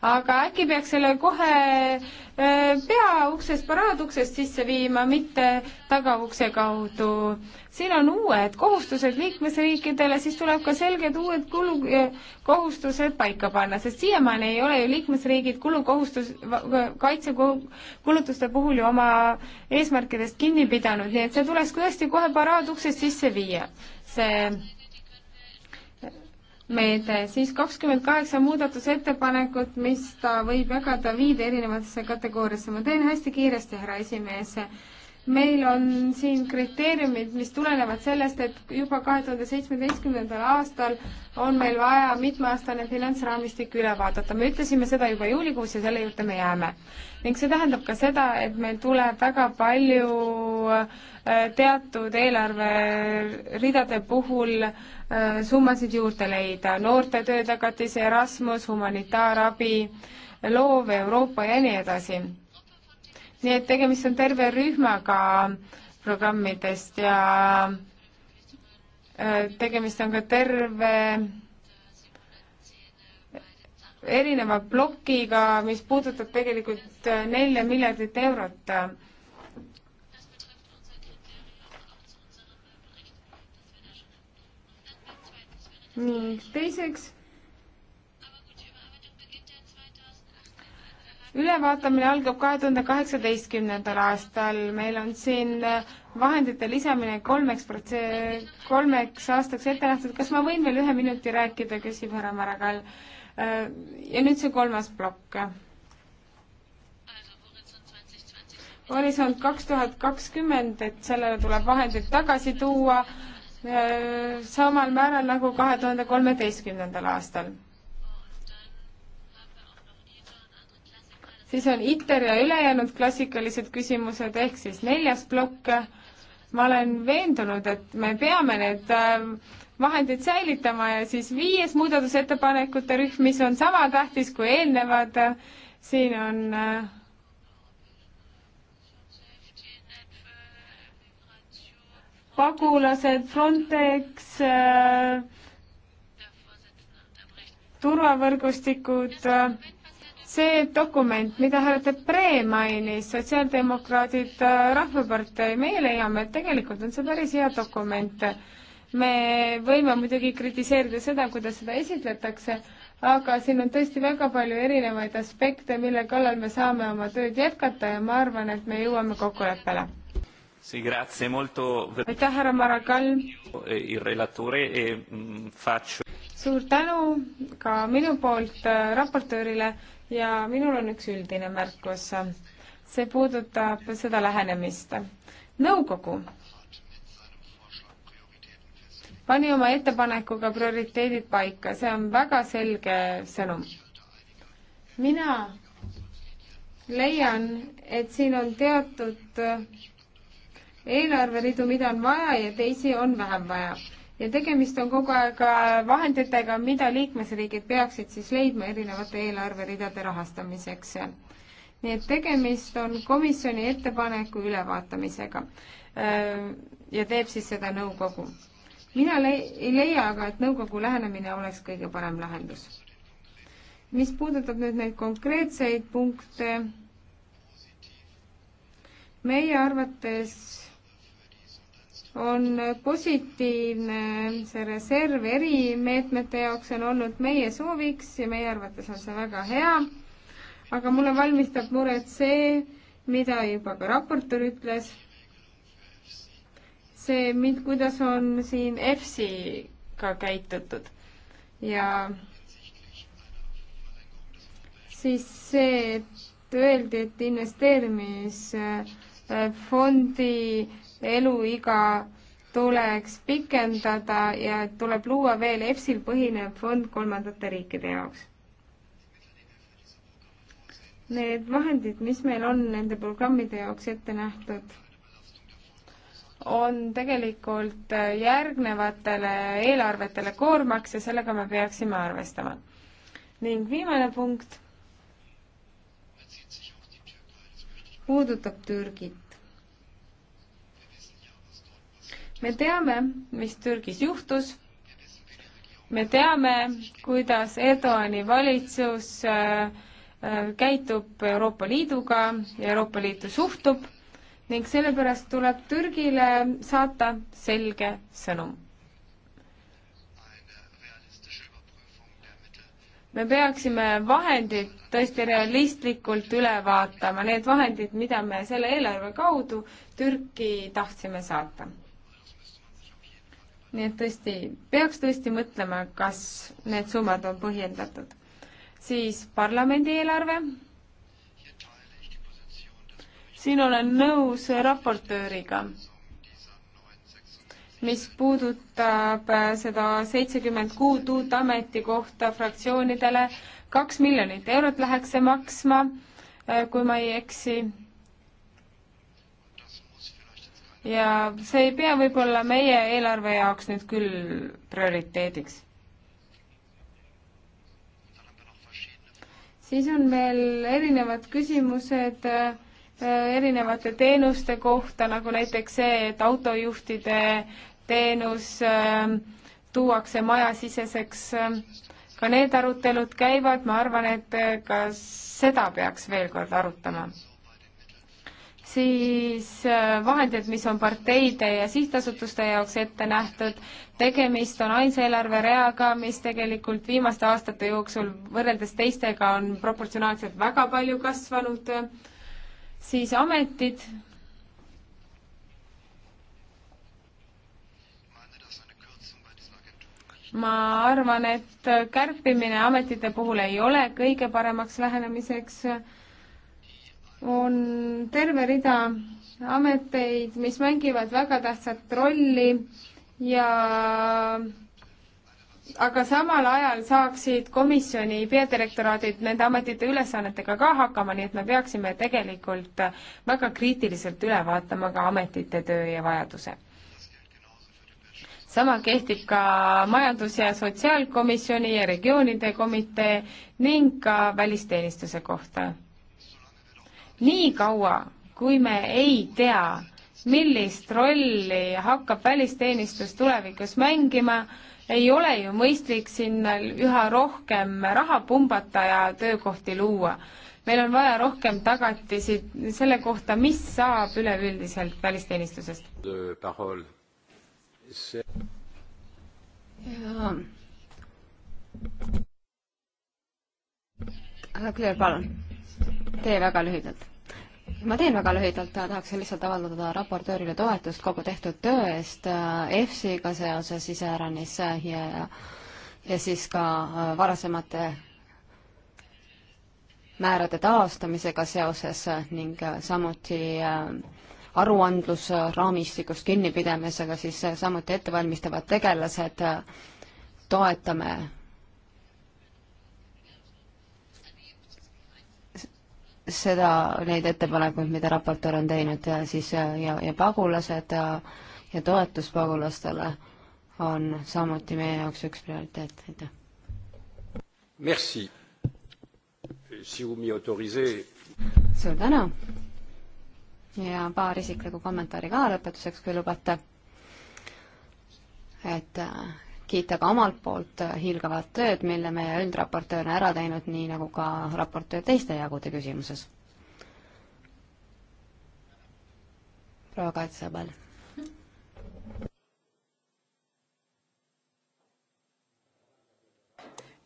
aga äkki peaks selle kohe äh, peauksest, paraaduksest sisse viima, mitte tagaukse kaudu. siin on uued kohustused liikmesriikidele, siis tuleb ka selged uued kulukohustused äh, paika panna, sest siiamaani ei ole ju liikmesriigid kulukohustus, kaitsekulutuste puhul ju oma eesmärkidest kinni pidanud, nii et see tuleks tõesti kohe paraaduksest sisse viia, see meede, siis kakskümmend kaheksa muudatusettepanekut, mis ta võib jagada viide erinevatesse kategooriasse. ma teen hästi kiiresti, härra esimees meil on siin kriteeriumid, mis tulenevad sellest, et juba kahe tuhande seitsmeteistkümnendal aastal on meil vaja mitmeaastane finantsraamistik üle vaadata. me ütlesime seda juba juulikuus ja selle juurde me jääme. ning see tähendab ka seda, et meil tuleb väga palju äh, teatud eelarveridade puhul äh, summasid juurde leida, noorte töötagatis, Erasmus, humanitaarabi, loov Euroopa ja nii edasi nii et tegemist on terve rühmaga programmidest ja äh, tegemist on ka terve erineva plokiga, mis puudutab tegelikult äh, nelja miljardit eurot. ning teiseks ülevaatamine algab kahe tuhande kaheksateistkümnendal aastal, meil on siin äh, vahendite lisamine kolmeks prots-, kolmeks aastaks ette nähtud, kas ma võin veel ühe minuti rääkida, küsib härra Maragall. Äh, ja nüüd see kolmas plokk. horisont kaks tuhat kakskümmend, et sellele tuleb vahendid tagasi tuua äh, samal määral nagu kahe tuhande kolmeteistkümnendal aastal siis on ITER ja ülejäänud klassikalised küsimused, ehk siis neljas plokk. ma olen veendunud, et me peame need ähm, vahendid säilitama ja siis viies muudatusettepanekute rühm, mis on sama tähtis kui eelnevad, siin on äh, pagulased, Frontex, äh, turvavõrgustikud äh, see dokument, mida härra Depree mainis, Sotsiaaldemokraadid, äh, Rahvapartei, meie leiame, et tegelikult on see päris hea dokument. me võime muidugi kritiseerida seda, kuidas seda esitletakse, aga siin on tõesti väga palju erinevaid aspekte, mille kallal me saame oma tööd jätkata ja ma arvan, et me jõuame kokkuleppele. Sì, grazie, molto... aitäh, härra Maragall! Il relatore e mm, faccio suur tänu ka minu poolt äh, raportöörile ja minul on üks üldine märkus. see puudutab seda lähenemist. nõukogu pani oma ettepanekuga prioriteedid paika, see on väga selge sõnum. mina leian, et siin on teatud eelarveridu, mida on vaja ja teisi on vähem vaja ja tegemist on kogu aeg äh, vahenditega, mida liikmesriigid peaksid siis leidma erinevate eelarveridade rahastamiseks. nii et tegemist on komisjoni ettepaneku ülevaatamisega äh, ja teeb siis seda nõukogu. mina le ei leia aga, et nõukogu lähenemine oleks kõige parem lahendus. mis puudutab nüüd neid konkreetseid punkte, meie arvates on positiivne, see reserv erimeetmete jaoks on olnud meie sooviks ja meie arvates on see väga hea, aga mulle valmistab muret see, mida juba ka raportöör ütles, see, kuidas on siin EFSI-ga käitutud ja siis see, et öeldi, et investeerimisfondi eluiga tuleks pikendada ja tuleb luua veel EFSil põhinev fond kolmandate riikide jaoks. Need vahendid, mis meil on nende programmide jaoks ette nähtud, on tegelikult järgnevatele eelarvetele koormaks ja sellega me peaksime arvestama. ning viimane punkt puudutab Türgit me teame, mis Türgis juhtus. me teame, kuidas Erdoani valitsus äh, äh, käitub Euroopa Liiduga ja Euroopa Liitu suhtub ning sellepärast tuleb Türgile saata selge sõnum. me peaksime vahendid tõesti realistlikult üle vaatama, need vahendid, mida me selle eelarve kaudu Türki tahtsime saata nii et tõesti, peaks tõesti mõtlema, kas need summad on põhjendatud. siis parlamendi eelarve. siin olen nõus raportööriga, mis puudutab äh, seda seitsekümmend kuud uut ametikohta fraktsioonidele, kaks miljonit eurot läheks see maksma, äh, kui ma ei eksi ja see ei pea võib-olla meie eelarve jaoks nüüd küll prioriteediks. siis on veel erinevad küsimused äh, erinevate teenuste kohta, nagu näiteks see, et autojuhtide teenus äh, tuuakse majasiseseks. ka need arutelud käivad, ma arvan, et äh, ka seda peaks veel kord arutama siis äh, vahendid, mis on parteide ja sihtasutuste jaoks ette nähtud, tegemist on ainsa eelarvereaga, mis tegelikult viimaste aastate jooksul võrreldes teistega on proportsionaalselt väga palju kasvanud, siis ametid, ma arvan, et kärpimine ametite puhul ei ole kõige paremaks lähenemiseks on terve rida ameteid, mis mängivad väga tähtsat rolli ja aga samal ajal saaksid komisjoni peadirektoraadid nende ametite ülesannetega ka hakkama, nii et me peaksime tegelikult väga kriitiliselt üle vaatama ka ametite töö ja vajaduse. sama kehtib ka Majandus- ja Sotsiaalkomisjoni ja regioonide komitee ning ka välisteenistuse kohta nii kaua, kui me ei tea, millist rolli hakkab välisteenistus tulevikus mängima, ei ole ju mõistlik sinna üha rohkem raha pumbata ja töökohti luua. meil on vaja rohkem tagatisi selle kohta, mis saab üleüldiselt välisteenistusest. jaa. Claire, palun tee väga lühidalt. ma teen väga lühidalt, tahaksin lihtsalt avaldada raportöörile toetust kogu tehtud töö eest äh, EFSI-ga seoses iseäranis äh, ja, ja siis ka äh, varasemate määrade taastamisega seoses ning samuti aruandlusraamistikust kinnipidamisega, siis samuti ettevalmistavad tegelased toetame seda, neid ettepanekuid, mida raportöör on teinud ja siis ja, ja pagulased ja, ja toetus pagulastele on samuti meie jaoks üks prioriteet, aitäh. Merci. Si vous m'y autorisez. suur tänu. ja paar isiklikku kommentaari ka lõpetuseks, kui lubate. et äh, kiita ka omalt poolt äh, hiilgavat tööd, mille meie üldraportöör on ära teinud, nii nagu ka raportöör teiste jagude küsimuses. proua Kaitsepall.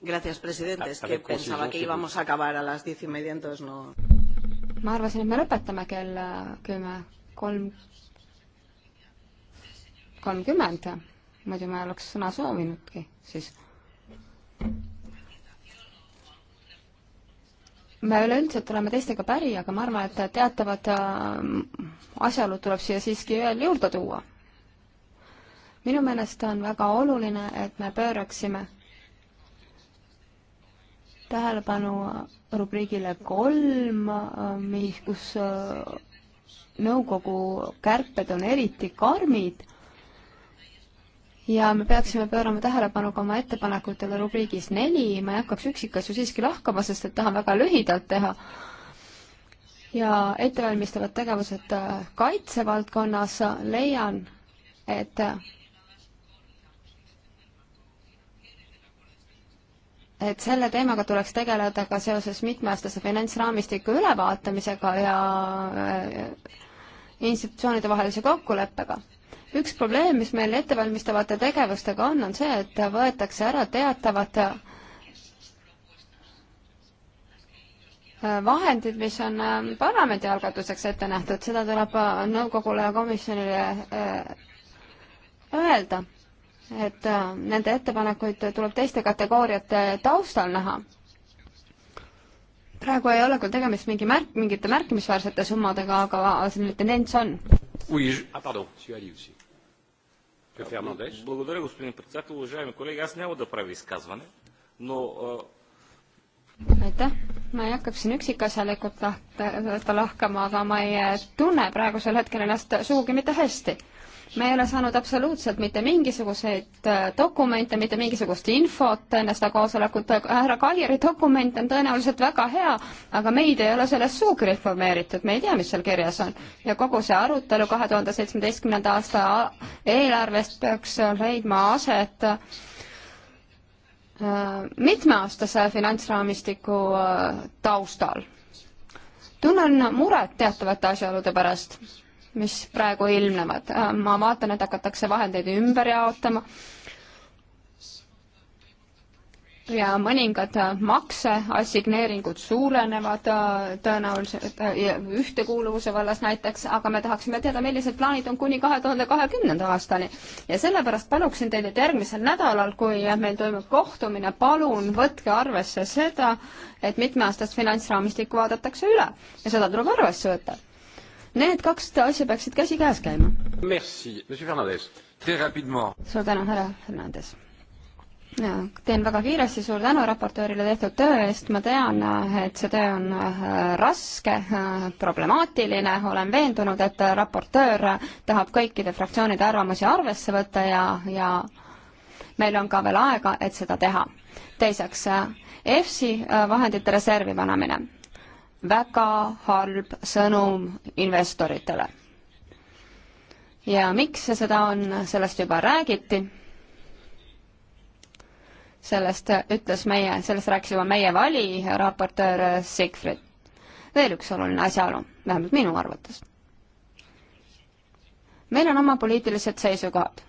Gracias, presidente. Es ah, que pensaba que íbamos a acabar a las diez y media, entonces no. ma arvasin, et me lõpetame kell äh, kümme kolm, kolmkümmend muidu ma ei oleks sõna soovinudki siis. me üleüldiselt oleme teistega päri, aga ma arvan, et teatavad äh, asjaolud tuleb siia siiski veel juurde tuua. minu meelest on väga oluline, et me pööraksime tähelepanu rubriigile kolm, mis, kus äh, nõukogu kärped on eriti karmid ja me peaksime pöörama tähelepanu ka oma ettepanekutele rubriigis neli, ma ei hakkaks üksikasju siiski lahkama, sest et tahan väga lühidalt teha. ja ettevalmistavad tegevused äh, kaitsevaldkonnas leian, et et selle teemaga tuleks tegeleda ka seoses mitmeaastase finantsraamistiku ülevaatamisega ja äh, institutsioonide vahelise kokkuleppega üks probleem, mis meil ettevalmistavate tegevustega on, on see, et võetakse ära teatavad äh, vahendid, mis on äh, parlamendi algatuseks ette nähtud, seda tuleb äh, nõukogule ja komisjonile öelda, et nende ettepanekuid tuleb teiste kategooriate taustal näha. praegu ei ole küll tegemist mingi märk, mingite märkimisväärsete summadega, aga selline tendents on. Oui, je... Ah, pardon, monsieur Ali aussi. Благодаря, господин председател. Уважаеми колеги, аз няма да правя изказване, но... aitäh, ma ei hakkaks siin üksikasjalikult lahkama, aga ma ei äh, tunne praegusel hetkel ennast sugugi mitte hästi me ei ole saanud absoluutselt mitte mingisuguseid äh, dokumente, mitte mingisugust infot enne seda koosolekut, härra Kaljari dokument on tõenäoliselt väga hea, aga meid ei ole sellest sugugi informeeritud, me ei tea, mis seal kirjas on. ja kogu see arutelu kahe tuhande seitsmeteistkümnenda aasta eelarvest peaks leidma aset äh, mitmeaastase finantsraamistiku äh, taustal. tunnen muret teatavate asjaolude pärast mis praegu ilmnevad. ma vaatan, et hakatakse vahendeid ümber jaotama ja mõningad makseassigneeringud suurenevad äh, tõenäoliselt äh, ühtekuuluvuse vallas näiteks, aga me tahaksime teada, millised plaanid on kuni kahe tuhande kahekümnenda aastani. ja sellepärast paluksin teid, et järgmisel nädalal, kui meil toimub kohtumine, palun võtke arvesse seda, et mitmeaastast finantsraamistikku vaadatakse üle ja seda tuleb arvesse võtta Need kaks asja peaksid käsikäes käima. suur tänu, härra Fernandes. teen väga kiiresti, suur tänu raportöörile tehtud töö eest, ma tean, et see töö on äh, raske, äh, problemaatiline, olen veendunud, et raportöör tahab kõikide fraktsioonide arvamusi arvesse võtta ja, ja meil on ka veel aega, et seda teha. teiseks, äh, EFSI vahendite reservi panemine väga halb sõnum investoritele. ja miks see seda on, sellest juba räägiti, sellest ütles meie, sellest rääkis juba meie valiraportöör Siegfried. veel üks oluline asjaolu, vähemalt minu arvates. meil on oma poliitilised seisukohad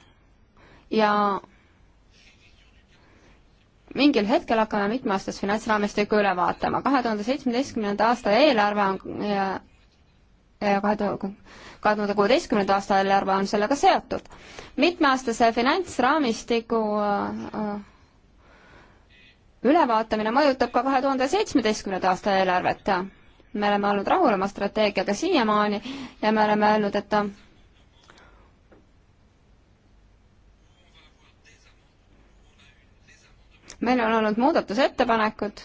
ja mingil hetkel hakkame mitmeaastast finantsraamistikku üle vaatama. kahe tuhande seitsmeteistkümnenda aasta eelarve on ja kahe tuhande kuueteistkümnenda aasta eelarve on sellega seotud. mitmeaastase finantsraamistiku äh, ülevaatamine mõjutab ka kahe tuhande seitsmeteistkümnenda aasta eelarvet. me oleme olnud rahul oma strateegiaga siiamaani ja me oleme öelnud, et meil on olnud muudatusettepanekud,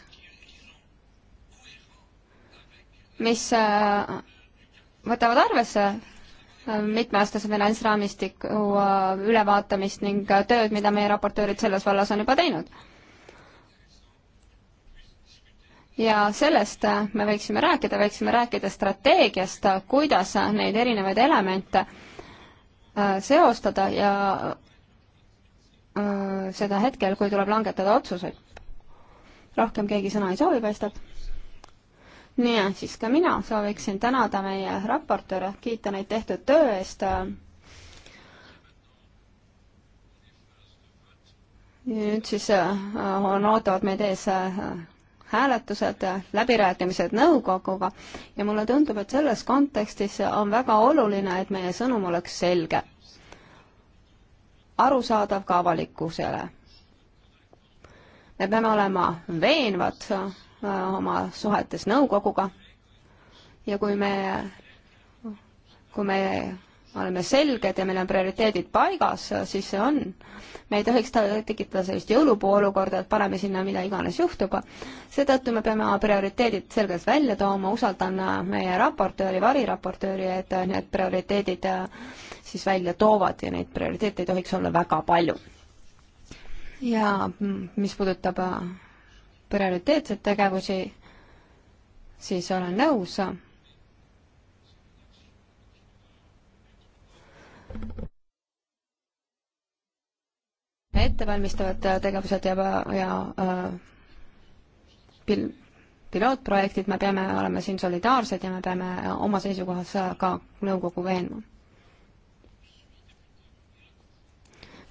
mis äh, võtavad arvesse äh, mitmeaastase finantsraamistiku äh, ülevaatamist ning tööd, mida meie raportöörid selles vallas on juba teinud. ja sellest me võiksime rääkida, võiksime rääkida strateegiast, kuidas neid erinevaid elemente seostada ja Äh, seda hetkel, kui tuleb langetada otsuseid. rohkem keegi sõna ei soovi, paistab. nii, siis ka mina sooviksin tänada meie raportööre, kiita neid tehtud töö eest. nüüd siis äh, on, ootavad meid ees äh, hääletused, läbirääkimised nõukoguga ja mulle tundub, et selles kontekstis on väga oluline, et meie sõnum oleks selge arusaadav ka avalikkusele. me peame olema veenvad äh, oma suhetes nõukoguga ja kui me, kui me oleme selged ja meil on prioriteedid paigas, siis see on. me ei tohiks tekitada sellist jõulupuu olukorda, et paneme sinna mida iganes juhtub. seetõttu me peame oma prioriteedid selgelt välja tooma, usaldan äh, meie raportööri, variraportööri, et äh, need prioriteedid äh, siis välja toovad ja neid prioriteete ei tohiks olla väga palju. ja mis puudutab äh, prioriteetseid tegevusi, siis olen nõus. ettevalmistavad äh, tegevused ja, ja äh, pil-, pilootprojektid, me peame olema siin solidaarsed ja me peame oma seisukohas ka nõukogu veenma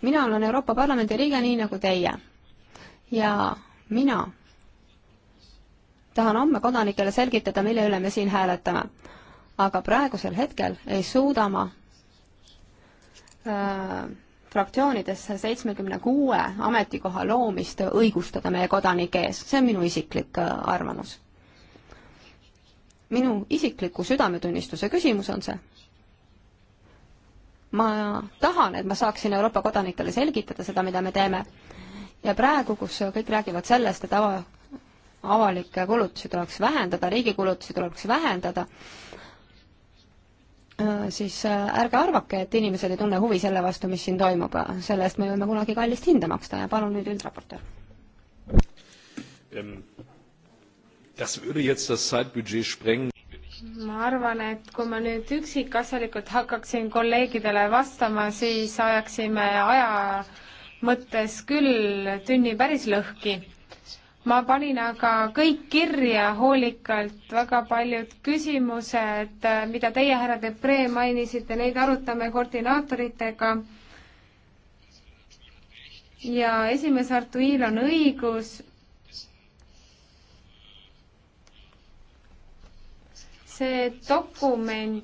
mina olen Euroopa Parlamendi liige, nii nagu teie. ja mina tahan homme kodanikele selgitada, mille üle me siin hääletame. aga praegusel hetkel ei suuda ma äh, fraktsioonides seitsmekümne kuue ametikoha loomist õigustada meie kodanike ees, see on minu isiklik äh, arvamus. minu isikliku südametunnistuse küsimus on see ma tahan, et ma saaksin Euroopa kodanikele selgitada seda, mida me teeme. ja praegu, kus kõik räägivad sellest, et ava, avalikke kulutusi tuleks vähendada, riigi kulutusi tuleks vähendada, äh, siis äh, ärge arvake, et inimesed ei tunne huvi selle vastu, mis siin toimub. selle eest me võime kunagi kallist hinda maksta ja palun nüüd üldraportöör. Ähm, das würde jetzt das Zeitbudget sprengen ma arvan, et kui ma nüüd üksikasjalikult hakkaksin kolleegidele vastama, siis ajaksime aja mõttes küll tünni päris lõhki. ma panin aga kõik kirja hoolikalt, väga paljud küsimused, mida teie, härra Depree, mainisite, neid arutame koordinaatoritega. ja esimees Artur Iil on õigus, see dokument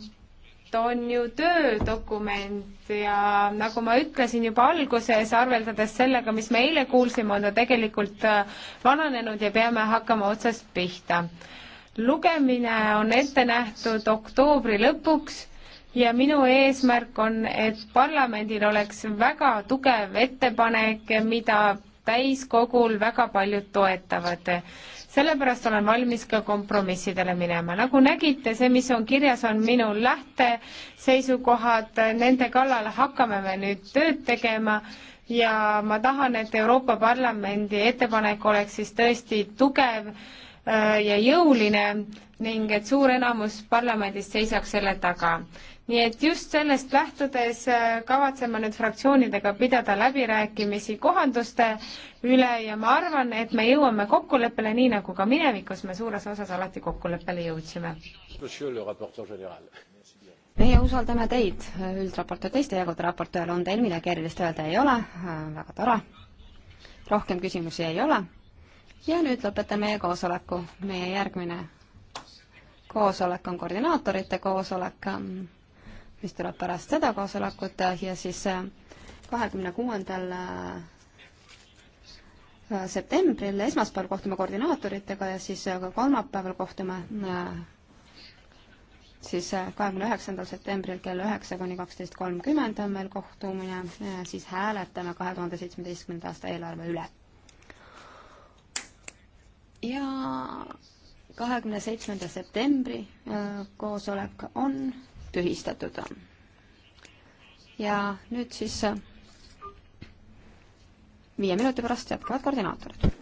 on ju töödokument ja nagu ma ütlesin juba alguses, arveldades sellega, mis me eile kuulsime, on ta tegelikult äh, vananenud ja peame hakkama otsast pihta. lugemine on ette nähtud oktoobri lõpuks ja minu eesmärk on, et parlamendil oleks väga tugev ettepanek, mida täiskogul väga paljud toetavad sellepärast olen valmis ka kompromissidele minema. nagu nägite, see, mis on kirjas, on minu lähteseisukohad, nende kallal hakkame me nüüd tööd tegema ja ma tahan, et Euroopa Parlamendi ettepanek oleks siis tõesti tugev Äh, ja jõuline ning et suur enamus parlamendist seisaks selle taga. nii et just sellest lähtudes äh, kavatseme nüüd fraktsioonidega pidada läbirääkimisi kohanduste üle ja ma arvan, et me jõuame kokkuleppele, nii nagu ka minevikus me suures osas alati kokkuleppele jõudsime. meie usaldame teid, üldraportöör, teiste jagude raportöör on teil midagi erilist öelda ei ole, äh, väga tore. rohkem küsimusi ei ole ja nüüd lõpetan meie koosoleku. meie järgmine koosolek on koordinaatorite koosolek, ähm, mis tuleb pärast seda koosolekut ja siis äh, kahekümne kuuendal äh, äh, septembril, esmaspäeval kohtume koordinaatoritega ja siis kolmapäeval kohtume siis kahekümne üheksandal septembril kell üheksa kuni kaksteist kolmkümmend on meil kohtumine, siis hääletame kahe tuhande seitsmeteistkümnenda aasta eelarve üle ja kahekümne seitsmenda septembri äh, koosolek on tühistatud. ja nüüd siis äh, viie minuti pärast jätkavad koordinaatorid.